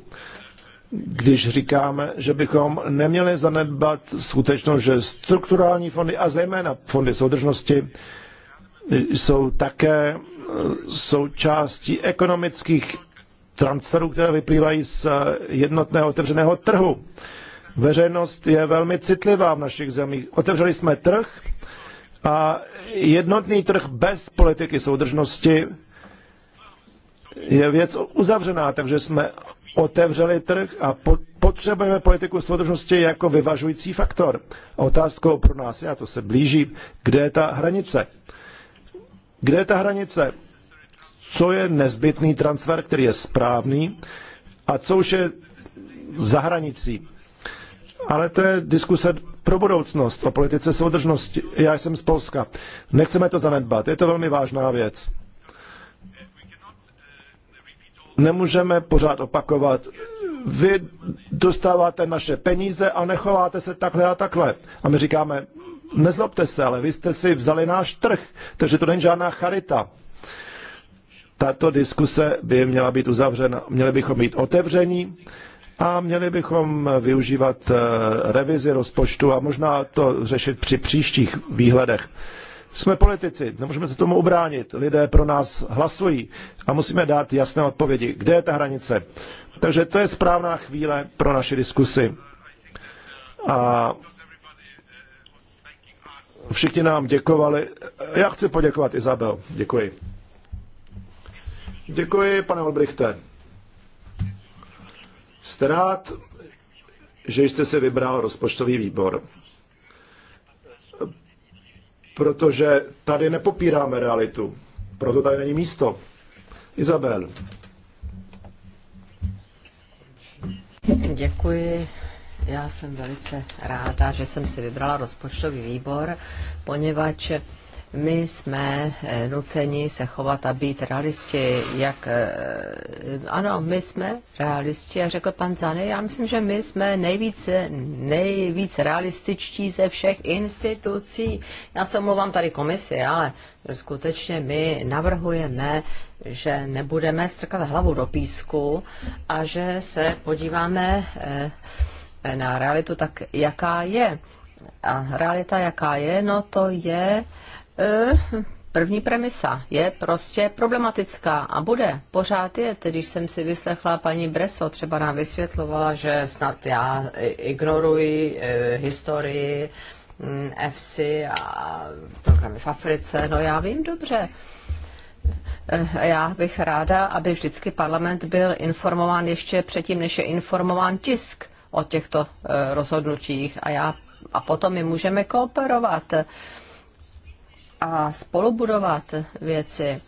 Speaker 3: když říkáme, že bychom neměli zanedbat skutečnost, že strukturální fondy a zejména fondy soudržnosti jsou také eh, součástí ekonomických transferů, které vyplývají z eh, jednotného otevřeného trhu. Veřejnost je velmi citlivá v našich zemích. Otevřeli jsme trh a jednotný trh bez politiky soudržnosti je věc uzavřená, takže jsme otevřeli trh a potřebujeme politiku soudržnosti jako vyvažující faktor. otázkou pro nás je, a to se blíží, kde je ta hranice? Kde je ta hranice? Co je nezbytný transfer, který je správný a co už je za hranicí? Ale to je diskuse pro budoucnost o politice soudržnosti. Já jsem z Polska. Nechceme to zanedbat. Je to velmi vážná věc. Nemůžeme pořád opakovat, vy dostáváte naše peníze a nechováte se takhle a takhle. A my říkáme, nezlobte se, ale vy jste si vzali náš trh, takže to není žádná charita. Tato diskuse by měla být uzavřena. Měli bychom být otevření a měli bychom využívat eh, revizi rozpočtu a možná to řešit při příštích výhledech. Jsme politici, nemůžeme se tomu ubránit. Lidé pro nás hlasují a musíme dát jasné odpovědi. Kde je ta hranice? Takže to je správná chvíle pro naši diskusi. A všichni nám děkovali. Já chci poděkovat Izabel. Děkuji. Děkuji, pane Olbrichte. Jste rád, že jste si vybral rozpočtový výbor protože tady nepopíráme realitu. Proto tady není místo. Izabel.
Speaker 1: Děkuji. Já jsem velice ráda, že jsem si vybrala rozpočtový výbor, poněvadž my jsme eh, nuceni se chovat a být realisti, jak... Eh, ano, my jsme realisti, jak řekl pan Zany, já myslím, že my jsme nejvíce eh, nejvíc realističtí ze všech institucí. Já se omlouvám tady komisi, ale skutečně my navrhujeme, že nebudeme strkat hlavu do písku a že se podíváme na realitu tak, jaká je. A realita, jaká je, no to je E, první premisa je prostě problematická a bude. Pořád je, když jsem si vyslechla paní Breso, třeba nám vysvětlovala, že snad já ignoruji e, historii mm, FC a programy v Africe, no já vím dobře. E, já bych ráda, aby vždycky parlament byl informován ještě předtím, než je informován tisk o těchto e, rozhodnutích a, já, a potom my můžeme kooperovat a spolubudovat věci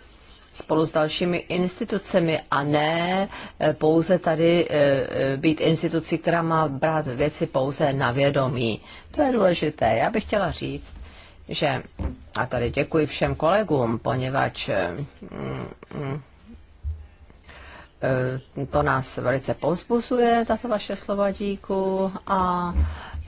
Speaker 1: spolu s dalšími institucemi a ne eh, pouze tady eh, eh, být institucí, která má brát věci pouze na vědomí. To je důležité. Já bych chtěla říct, že, a tady děkuji všem kolegům, poněvadž mm, mm, Eh, to nás velice povzbuzuje, tato vaše slova díku a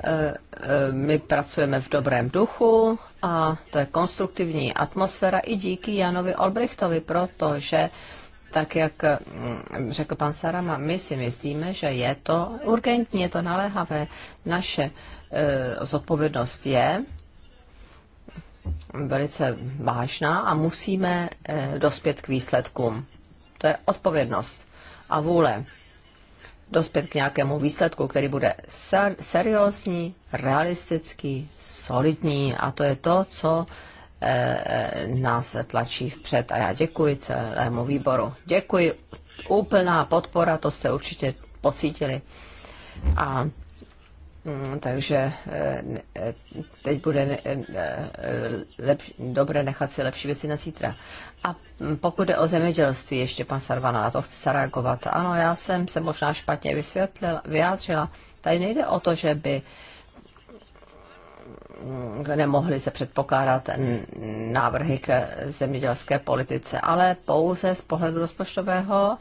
Speaker 1: eh, eh, my pracujeme v dobrém duchu a to je konstruktivní atmosféra i díky Janovi Olbrichtovi, protože tak jak mm, řekl pan Sarama, my si myslíme, že je to urgentní, je to naléhavé. Naše zodpovědnost je velice vážná a musíme dospět k výsledkům. To je odpovědnost a vůle dospět k nějakému výsledku, který bude ser- seriózní, realistický, solidní a to je to, co e, nás tlačí vpřed. A já děkuji celému výboru. Děkuji, úplná podpora, to jste určitě pocítili. A Mm, takže eh, teď bude eh, eh, lep, dobré nechat si lepší věci na zítra. A mm, pokud jde o zemědělství, ještě pan Sarvana na to chce zareagovat. Ano, já jsem se možná špatně vysvětlila, vyjádřila. Tady nejde o to, že by mm, nemohli se předpokládat návrhy k zemědělské politice, ale pouze z pohledu rozpočtového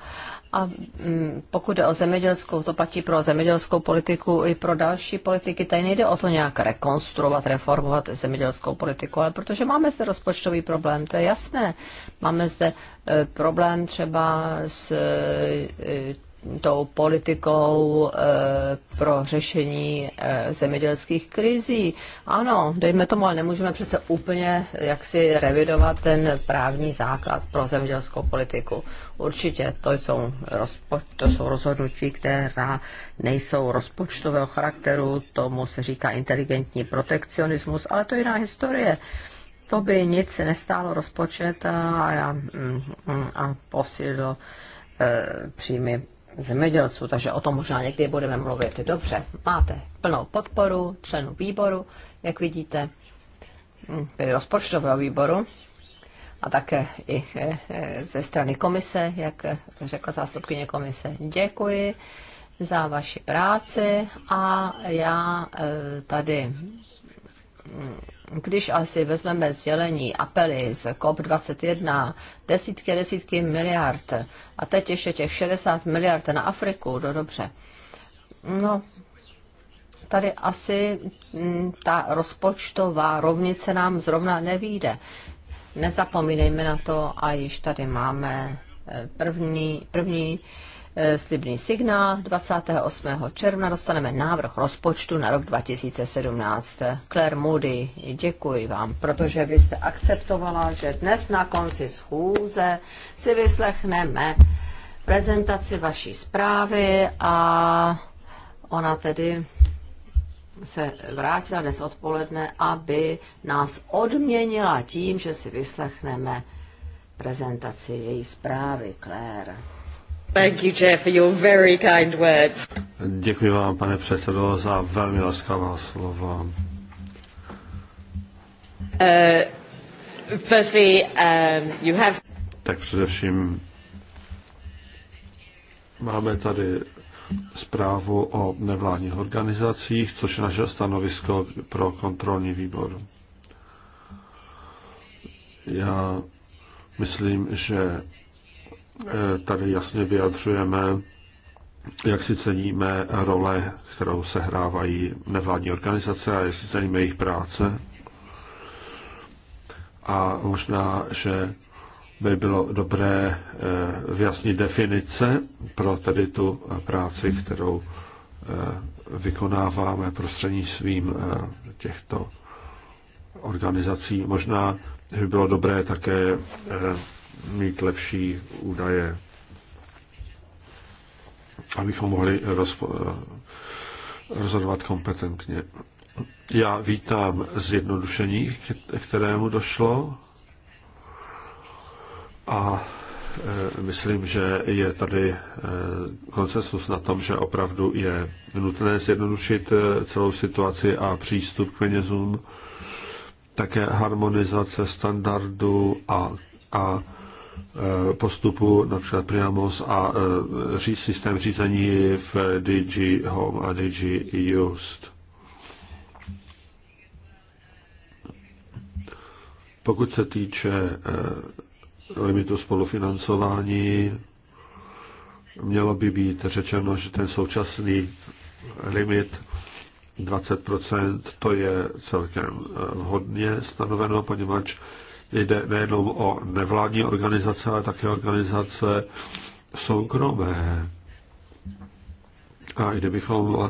Speaker 1: a mm, pokud jde o zemědělskou, to platí pro zemědělskou politiku i pro další politiky. Tady nejde o to nějak rekonstruovat, reformovat zemědělskou politiku, ale protože máme zde rozpočtový problém, to je jasné. Máme zde e, problém třeba s e, tou politikou eh, pro řešení eh, zemědělských krizí. Ano, dejme tomu, ale nemůžeme přece úplně jaksi revidovat ten právní základ pro zemědělskou politiku. Určitě to jsou, rozpo, to jsou rozhodnutí, která nejsou rozpočtového charakteru, tomu se říká inteligentní protekcionismus, ale to je jiná historie to by nic nestálo rozpočet a, a, a posílilo e, eh, příjmy zemědělců, takže o tom možná někdy budeme mluvit. Dobře, máte plnou podporu členů výboru, jak vidíte, hm, tedy rozpočtového výboru a také i eh, eh, ze strany komise, jak řekla zástupkyně komise. Děkuji za vaši práci a já eh, tady hm, když asi vezmeme sdělení, apely z COP21, desítky desítky miliard a teď ještě těch 60 miliard na Afriku, do no dobře. No, tady asi mm, ta rozpočtová rovnice nám zrovna nevíde. Nezapomínejme na to a již tady máme eh, první, první Eh, slibný signál. 28. června dostaneme návrh rozpočtu na rok 2017. Claire Moody, děkuji vám, protože vy jste akceptovala, že dnes na konci schůze si vyslechneme prezentaci vaší zprávy a ona tedy se vrátila dnes odpoledne, aby nás odměnila tím, že si vyslechneme prezentaci její zprávy, Claire. Thank you, Chair, for your very kind words.
Speaker 2: Děkuji vám, pane předsedo, za velmi laskavá slova.
Speaker 1: Uh, firstly, um, you have...
Speaker 2: Tak především máme tady zprávu o nevládních organizacích, což je naše stanovisko pro kontrolní výbor. Já myslím, že Eh, tady jasně vyjadřujeme, jak si ceníme role, kterou sehrávají nevládní organizace a jak si ceníme jejich práce. A možná, že by bylo dobré eh, vyjasnit definice pro tedy tu práci, kterou eh, vykonáváme prostřednictvím těchto organizací. Možná by bylo dobré také mít lepší údaje, abychom mohli rozhodovat kompetentně. Já vítám zjednodušení, kterému došlo a e, myslím, že je tady e, konsensus na tom, že opravdu je nutné zjednodušit e, celou situaci a přístup k penězům, také harmonizace standardů a, a Eh, postupu, například Priamos a eh, systém řízení v DG Home a DG Just. Pokud se týče eh, limitu spolufinancování, mělo by být řečeno, že ten současný limit 20 to je celkem vhodně stanoveno, poněvadž Jde nejenom o nevládní organizace, ale také organizace soukromé. A i kdybychom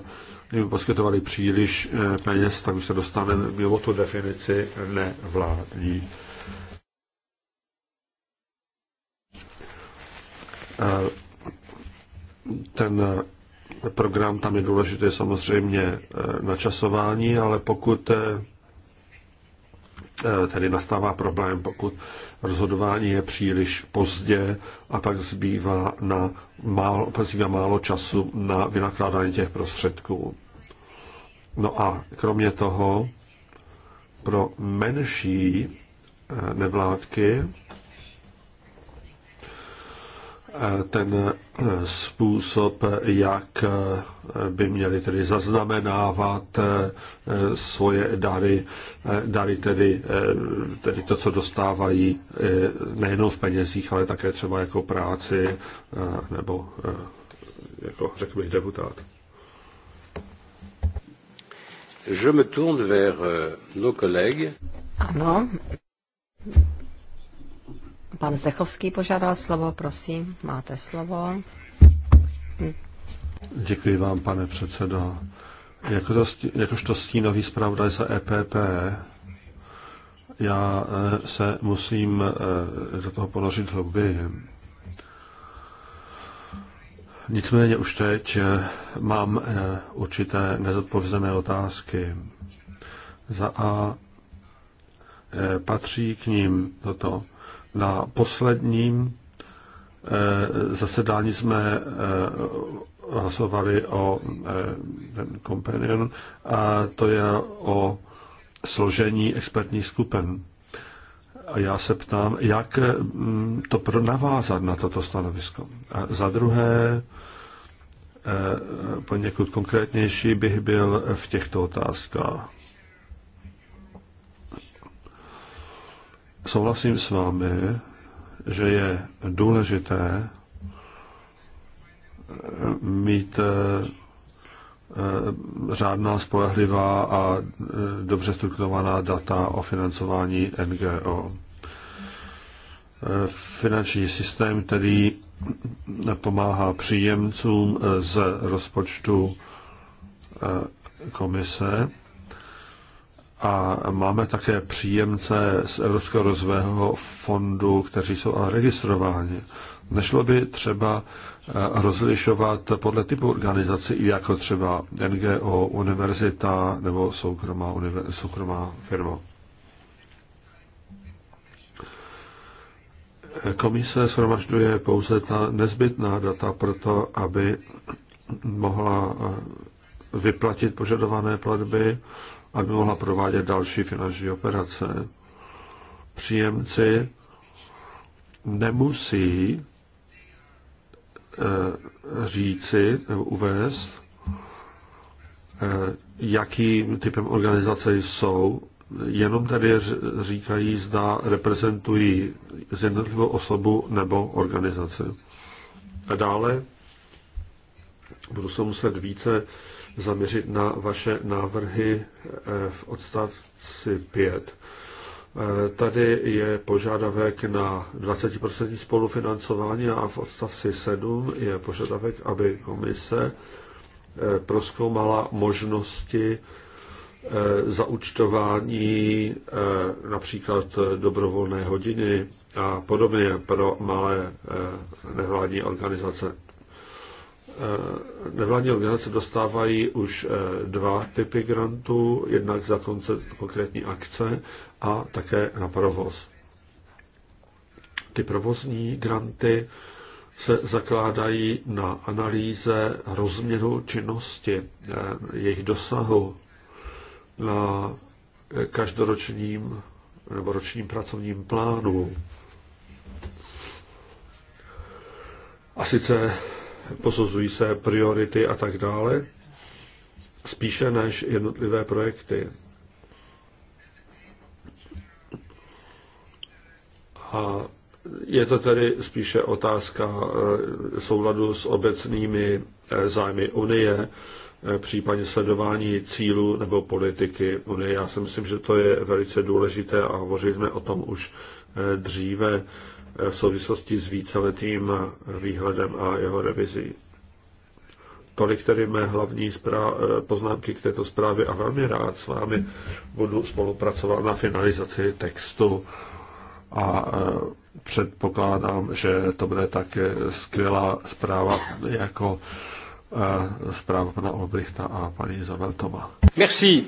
Speaker 2: kdyby poskytovali příliš eh, peněz, tak už se dostaneme mimo tu definici nevládní. Ten eh, program tam je důležité samozřejmě eh, načasování, ale pokud Eh, tedy nastává problém, pokud rozhodování je příliš pozdě a pak zbývá, na málo, pak zbývá málo času na vynakládání těch prostředků. No a kromě toho pro menší eh, nevládky ten způsob, jak by měli tedy zaznamenávat svoje dary, dary tedy, tedy to, co dostávají eh, nejenom v penězích, ale také třeba jako práci eh, nebo eh, jako řekl bych deputát.
Speaker 1: Je me tourne vers euh, nos collègues. Ano, Pan Zdechovský požádal slovo, prosím, máte slovo.
Speaker 2: Děkuji vám, pane předsedo. Jako to, jakožto stínový zpravodaj za EPP, já eh, se musím eh, do toho ponořit hlouběji. Nicméně už teď eh, mám určité nezodpovězené otázky. Za A patří k ním toto. Na posledním eh, zasedání jsme eh, hlasovali o eh, ten companion a to je o složení expertních skupin. A já se ptám, jak mm, to navázat na toto stanovisko. A za druhé, poněkud konkrétnější bych byl v těchto otázkách. Souhlasím s vámi, že je důležité eh, mít eh, eh, řádná, spolehlivá a dobře strukturovaná data o financování NGO. Finanční systém, který pomáhá příjemcům z rozpočtu komise, a máme také příjemce z Evropského rozvého fondu, kteří jsou ale registrováni. Nešlo by třeba eh, rozlišovat podle typu organizací, jako třeba NGO, univerzita nebo soukromá, univer- soukromá firma. Komise shromažďuje pouze ta nezbytná data pro to, aby mohla eh, vyplatit požadované platby aby mohla provádět další finanční operace. Příjemci nemusí eh, říci nebo uvést, eh, jakým typem organizace jsou, jenom tedy říkají, zda reprezentují jednotlivou osobu nebo organizaci. A dále budu se muset více zaměřit na vaše návrhy eh, v odstavci 5. Eh, tady je požadavek na 20% spolufinancování a v odstavci 7 je požadavek, aby komise eh, proskoumala možnosti zaučtování například dobrovolné hodiny a podobně pro malé nevládní organizace. Eh, nevládní organizace dostávají už eh, dva typy grantů, jednak za koncept konkrétní akce a také na provoz. Ty provozní granty se zakládají na analýze rozměru činnosti, eh, jejich dosahu na každoročním nebo ročním pracovním plánu. A sice posuzují se priority a tak dále, spíše než jednotlivé projekty. A je to tedy spíše otázka eh, souladu s obecnými eh, zájmy Unie, eh, případně sledování cílů nebo politiky Unie. Já si myslím, že to je velice důležité a hovořili jsme o tom už dříve v souvislosti s víceletým výhledem a jeho revizí. Tolik tedy mé hlavní poznámky k této zprávě a velmi rád s vámi budu spolupracovat na finalizaci textu a e, předpokládám, že to bude tak skvělá zpráva jako e, zpráva pana Olbrichta a paní Zabeltova.
Speaker 1: Merci.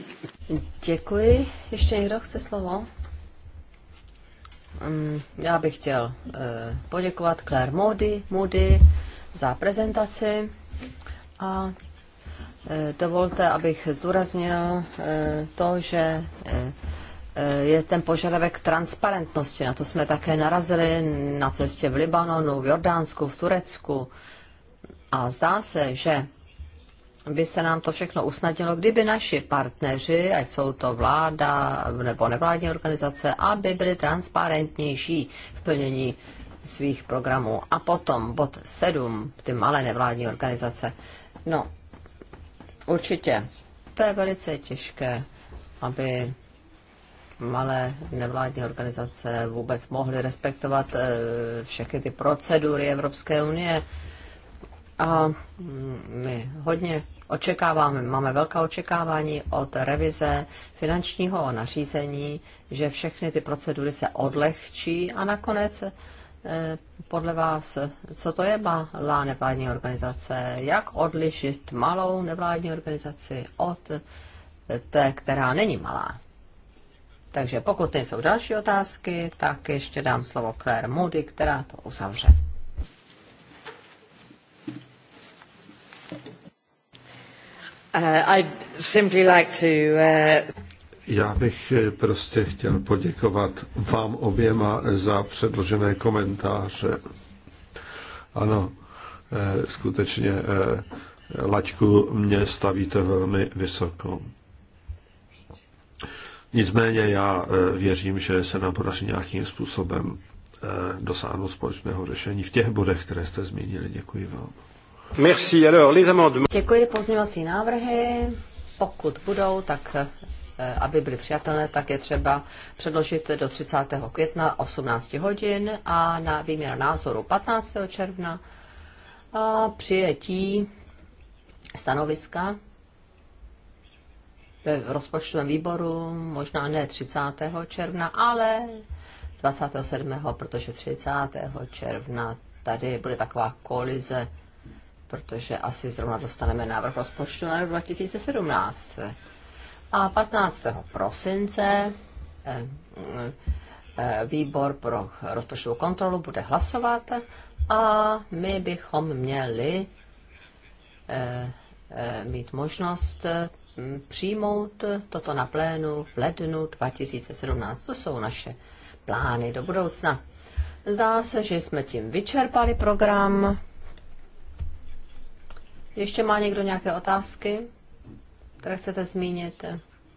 Speaker 1: Děkuji. Ještě někdo chce slovo? Mm, já bych chtěl eh, poděkovat Claire Moody, Moody za prezentaci a eh, dovolte, abych zdůraznil eh, to, že je ten požadavek transparentnosti. Na to jsme také narazili na cestě v Libanonu, v Jordánsku, v Turecku. A zdá se, že by se nám to všechno usnadnilo, kdyby naši partneři, ať jsou to vláda nebo nevládní organizace, aby byly transparentnější v plnění svých programů. A potom bod 7, ty malé nevládní organizace. No, určitě, to je velice těžké, aby malé nevládní organizace vůbec mohly respektovat eh, všechny ty procedury Evropské unie. A mm, my hodně očekáváme, máme velká očekávání od revize finančního nařízení, že všechny ty procedury se odlehčí a nakonec eh, podle vás, co to je malá nevládní organizace? Jak odlišit malou nevládní organizaci od eh, té, která není malá? Takže pokud nejsou další otázky, tak ještě dám slovo Claire Moody, která to uzavře. Uh, uh,
Speaker 2: já bych eh, prostě chtěl poděkovat vám oběma za předložené komentáře. Ano, eh, skutečně eh, laťku mě stavíte velmi vysoko. Nicméně já věřím, že se nám podaří nějakým způsobem dosáhnout společného řešení v těch bodech, které jste zmínili. Děkuji vám. Merci. Alors, les amendements.
Speaker 1: Děkuji pozměňovací návrhy. Pokud budou, tak eh, aby byly přijatelné, tak je třeba předložit do 30. května 18 hodin a na výměna názoru 15. června a přijetí stanoviska ve rozpočtovém výboru, možná ne 30. června, ale 27. protože 30. června tady bude taková kolize protože asi zrovna dostaneme návrh rozpočtu na rok 2017. A 15. prosince eh, eh, eh, výbor pro rozpočtovou kontrolu bude hlasovat a my bychom měli mít možnost hm, přijmout toto na plénu v lednu 2017. To jsou naše plány do budoucna. Zdá se, že jsme tím vyčerpali program. Ještě má někdo nějaké otázky, které chcete zmínit?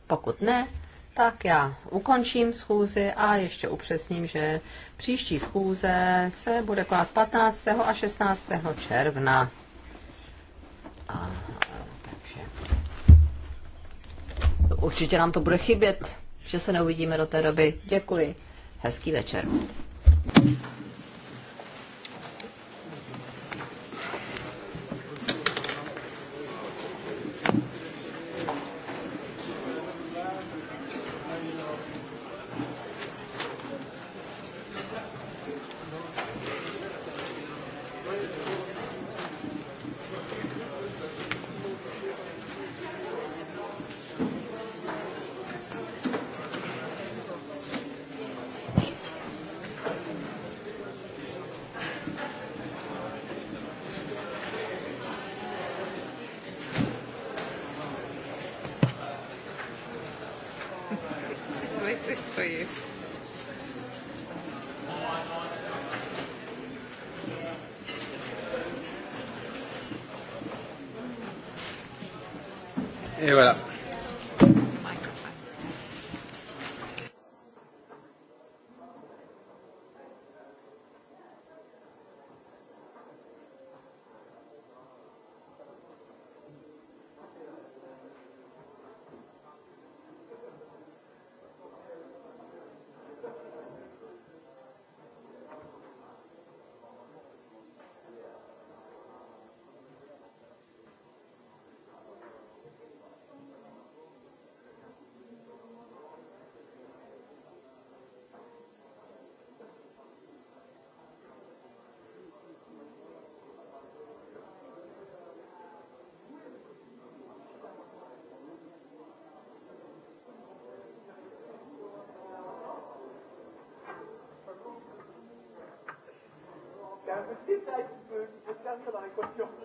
Speaker 1: Pokud ne, tak já ukončím schůzi a ještě upřesním, že příští schůze se bude konat 15. a 16. června. A, takže určitě nám to bude chybět, že se neuvidíme do té doby. Děkuji. Hezký večer. euh, le détail qui peut, qui peut servir dans la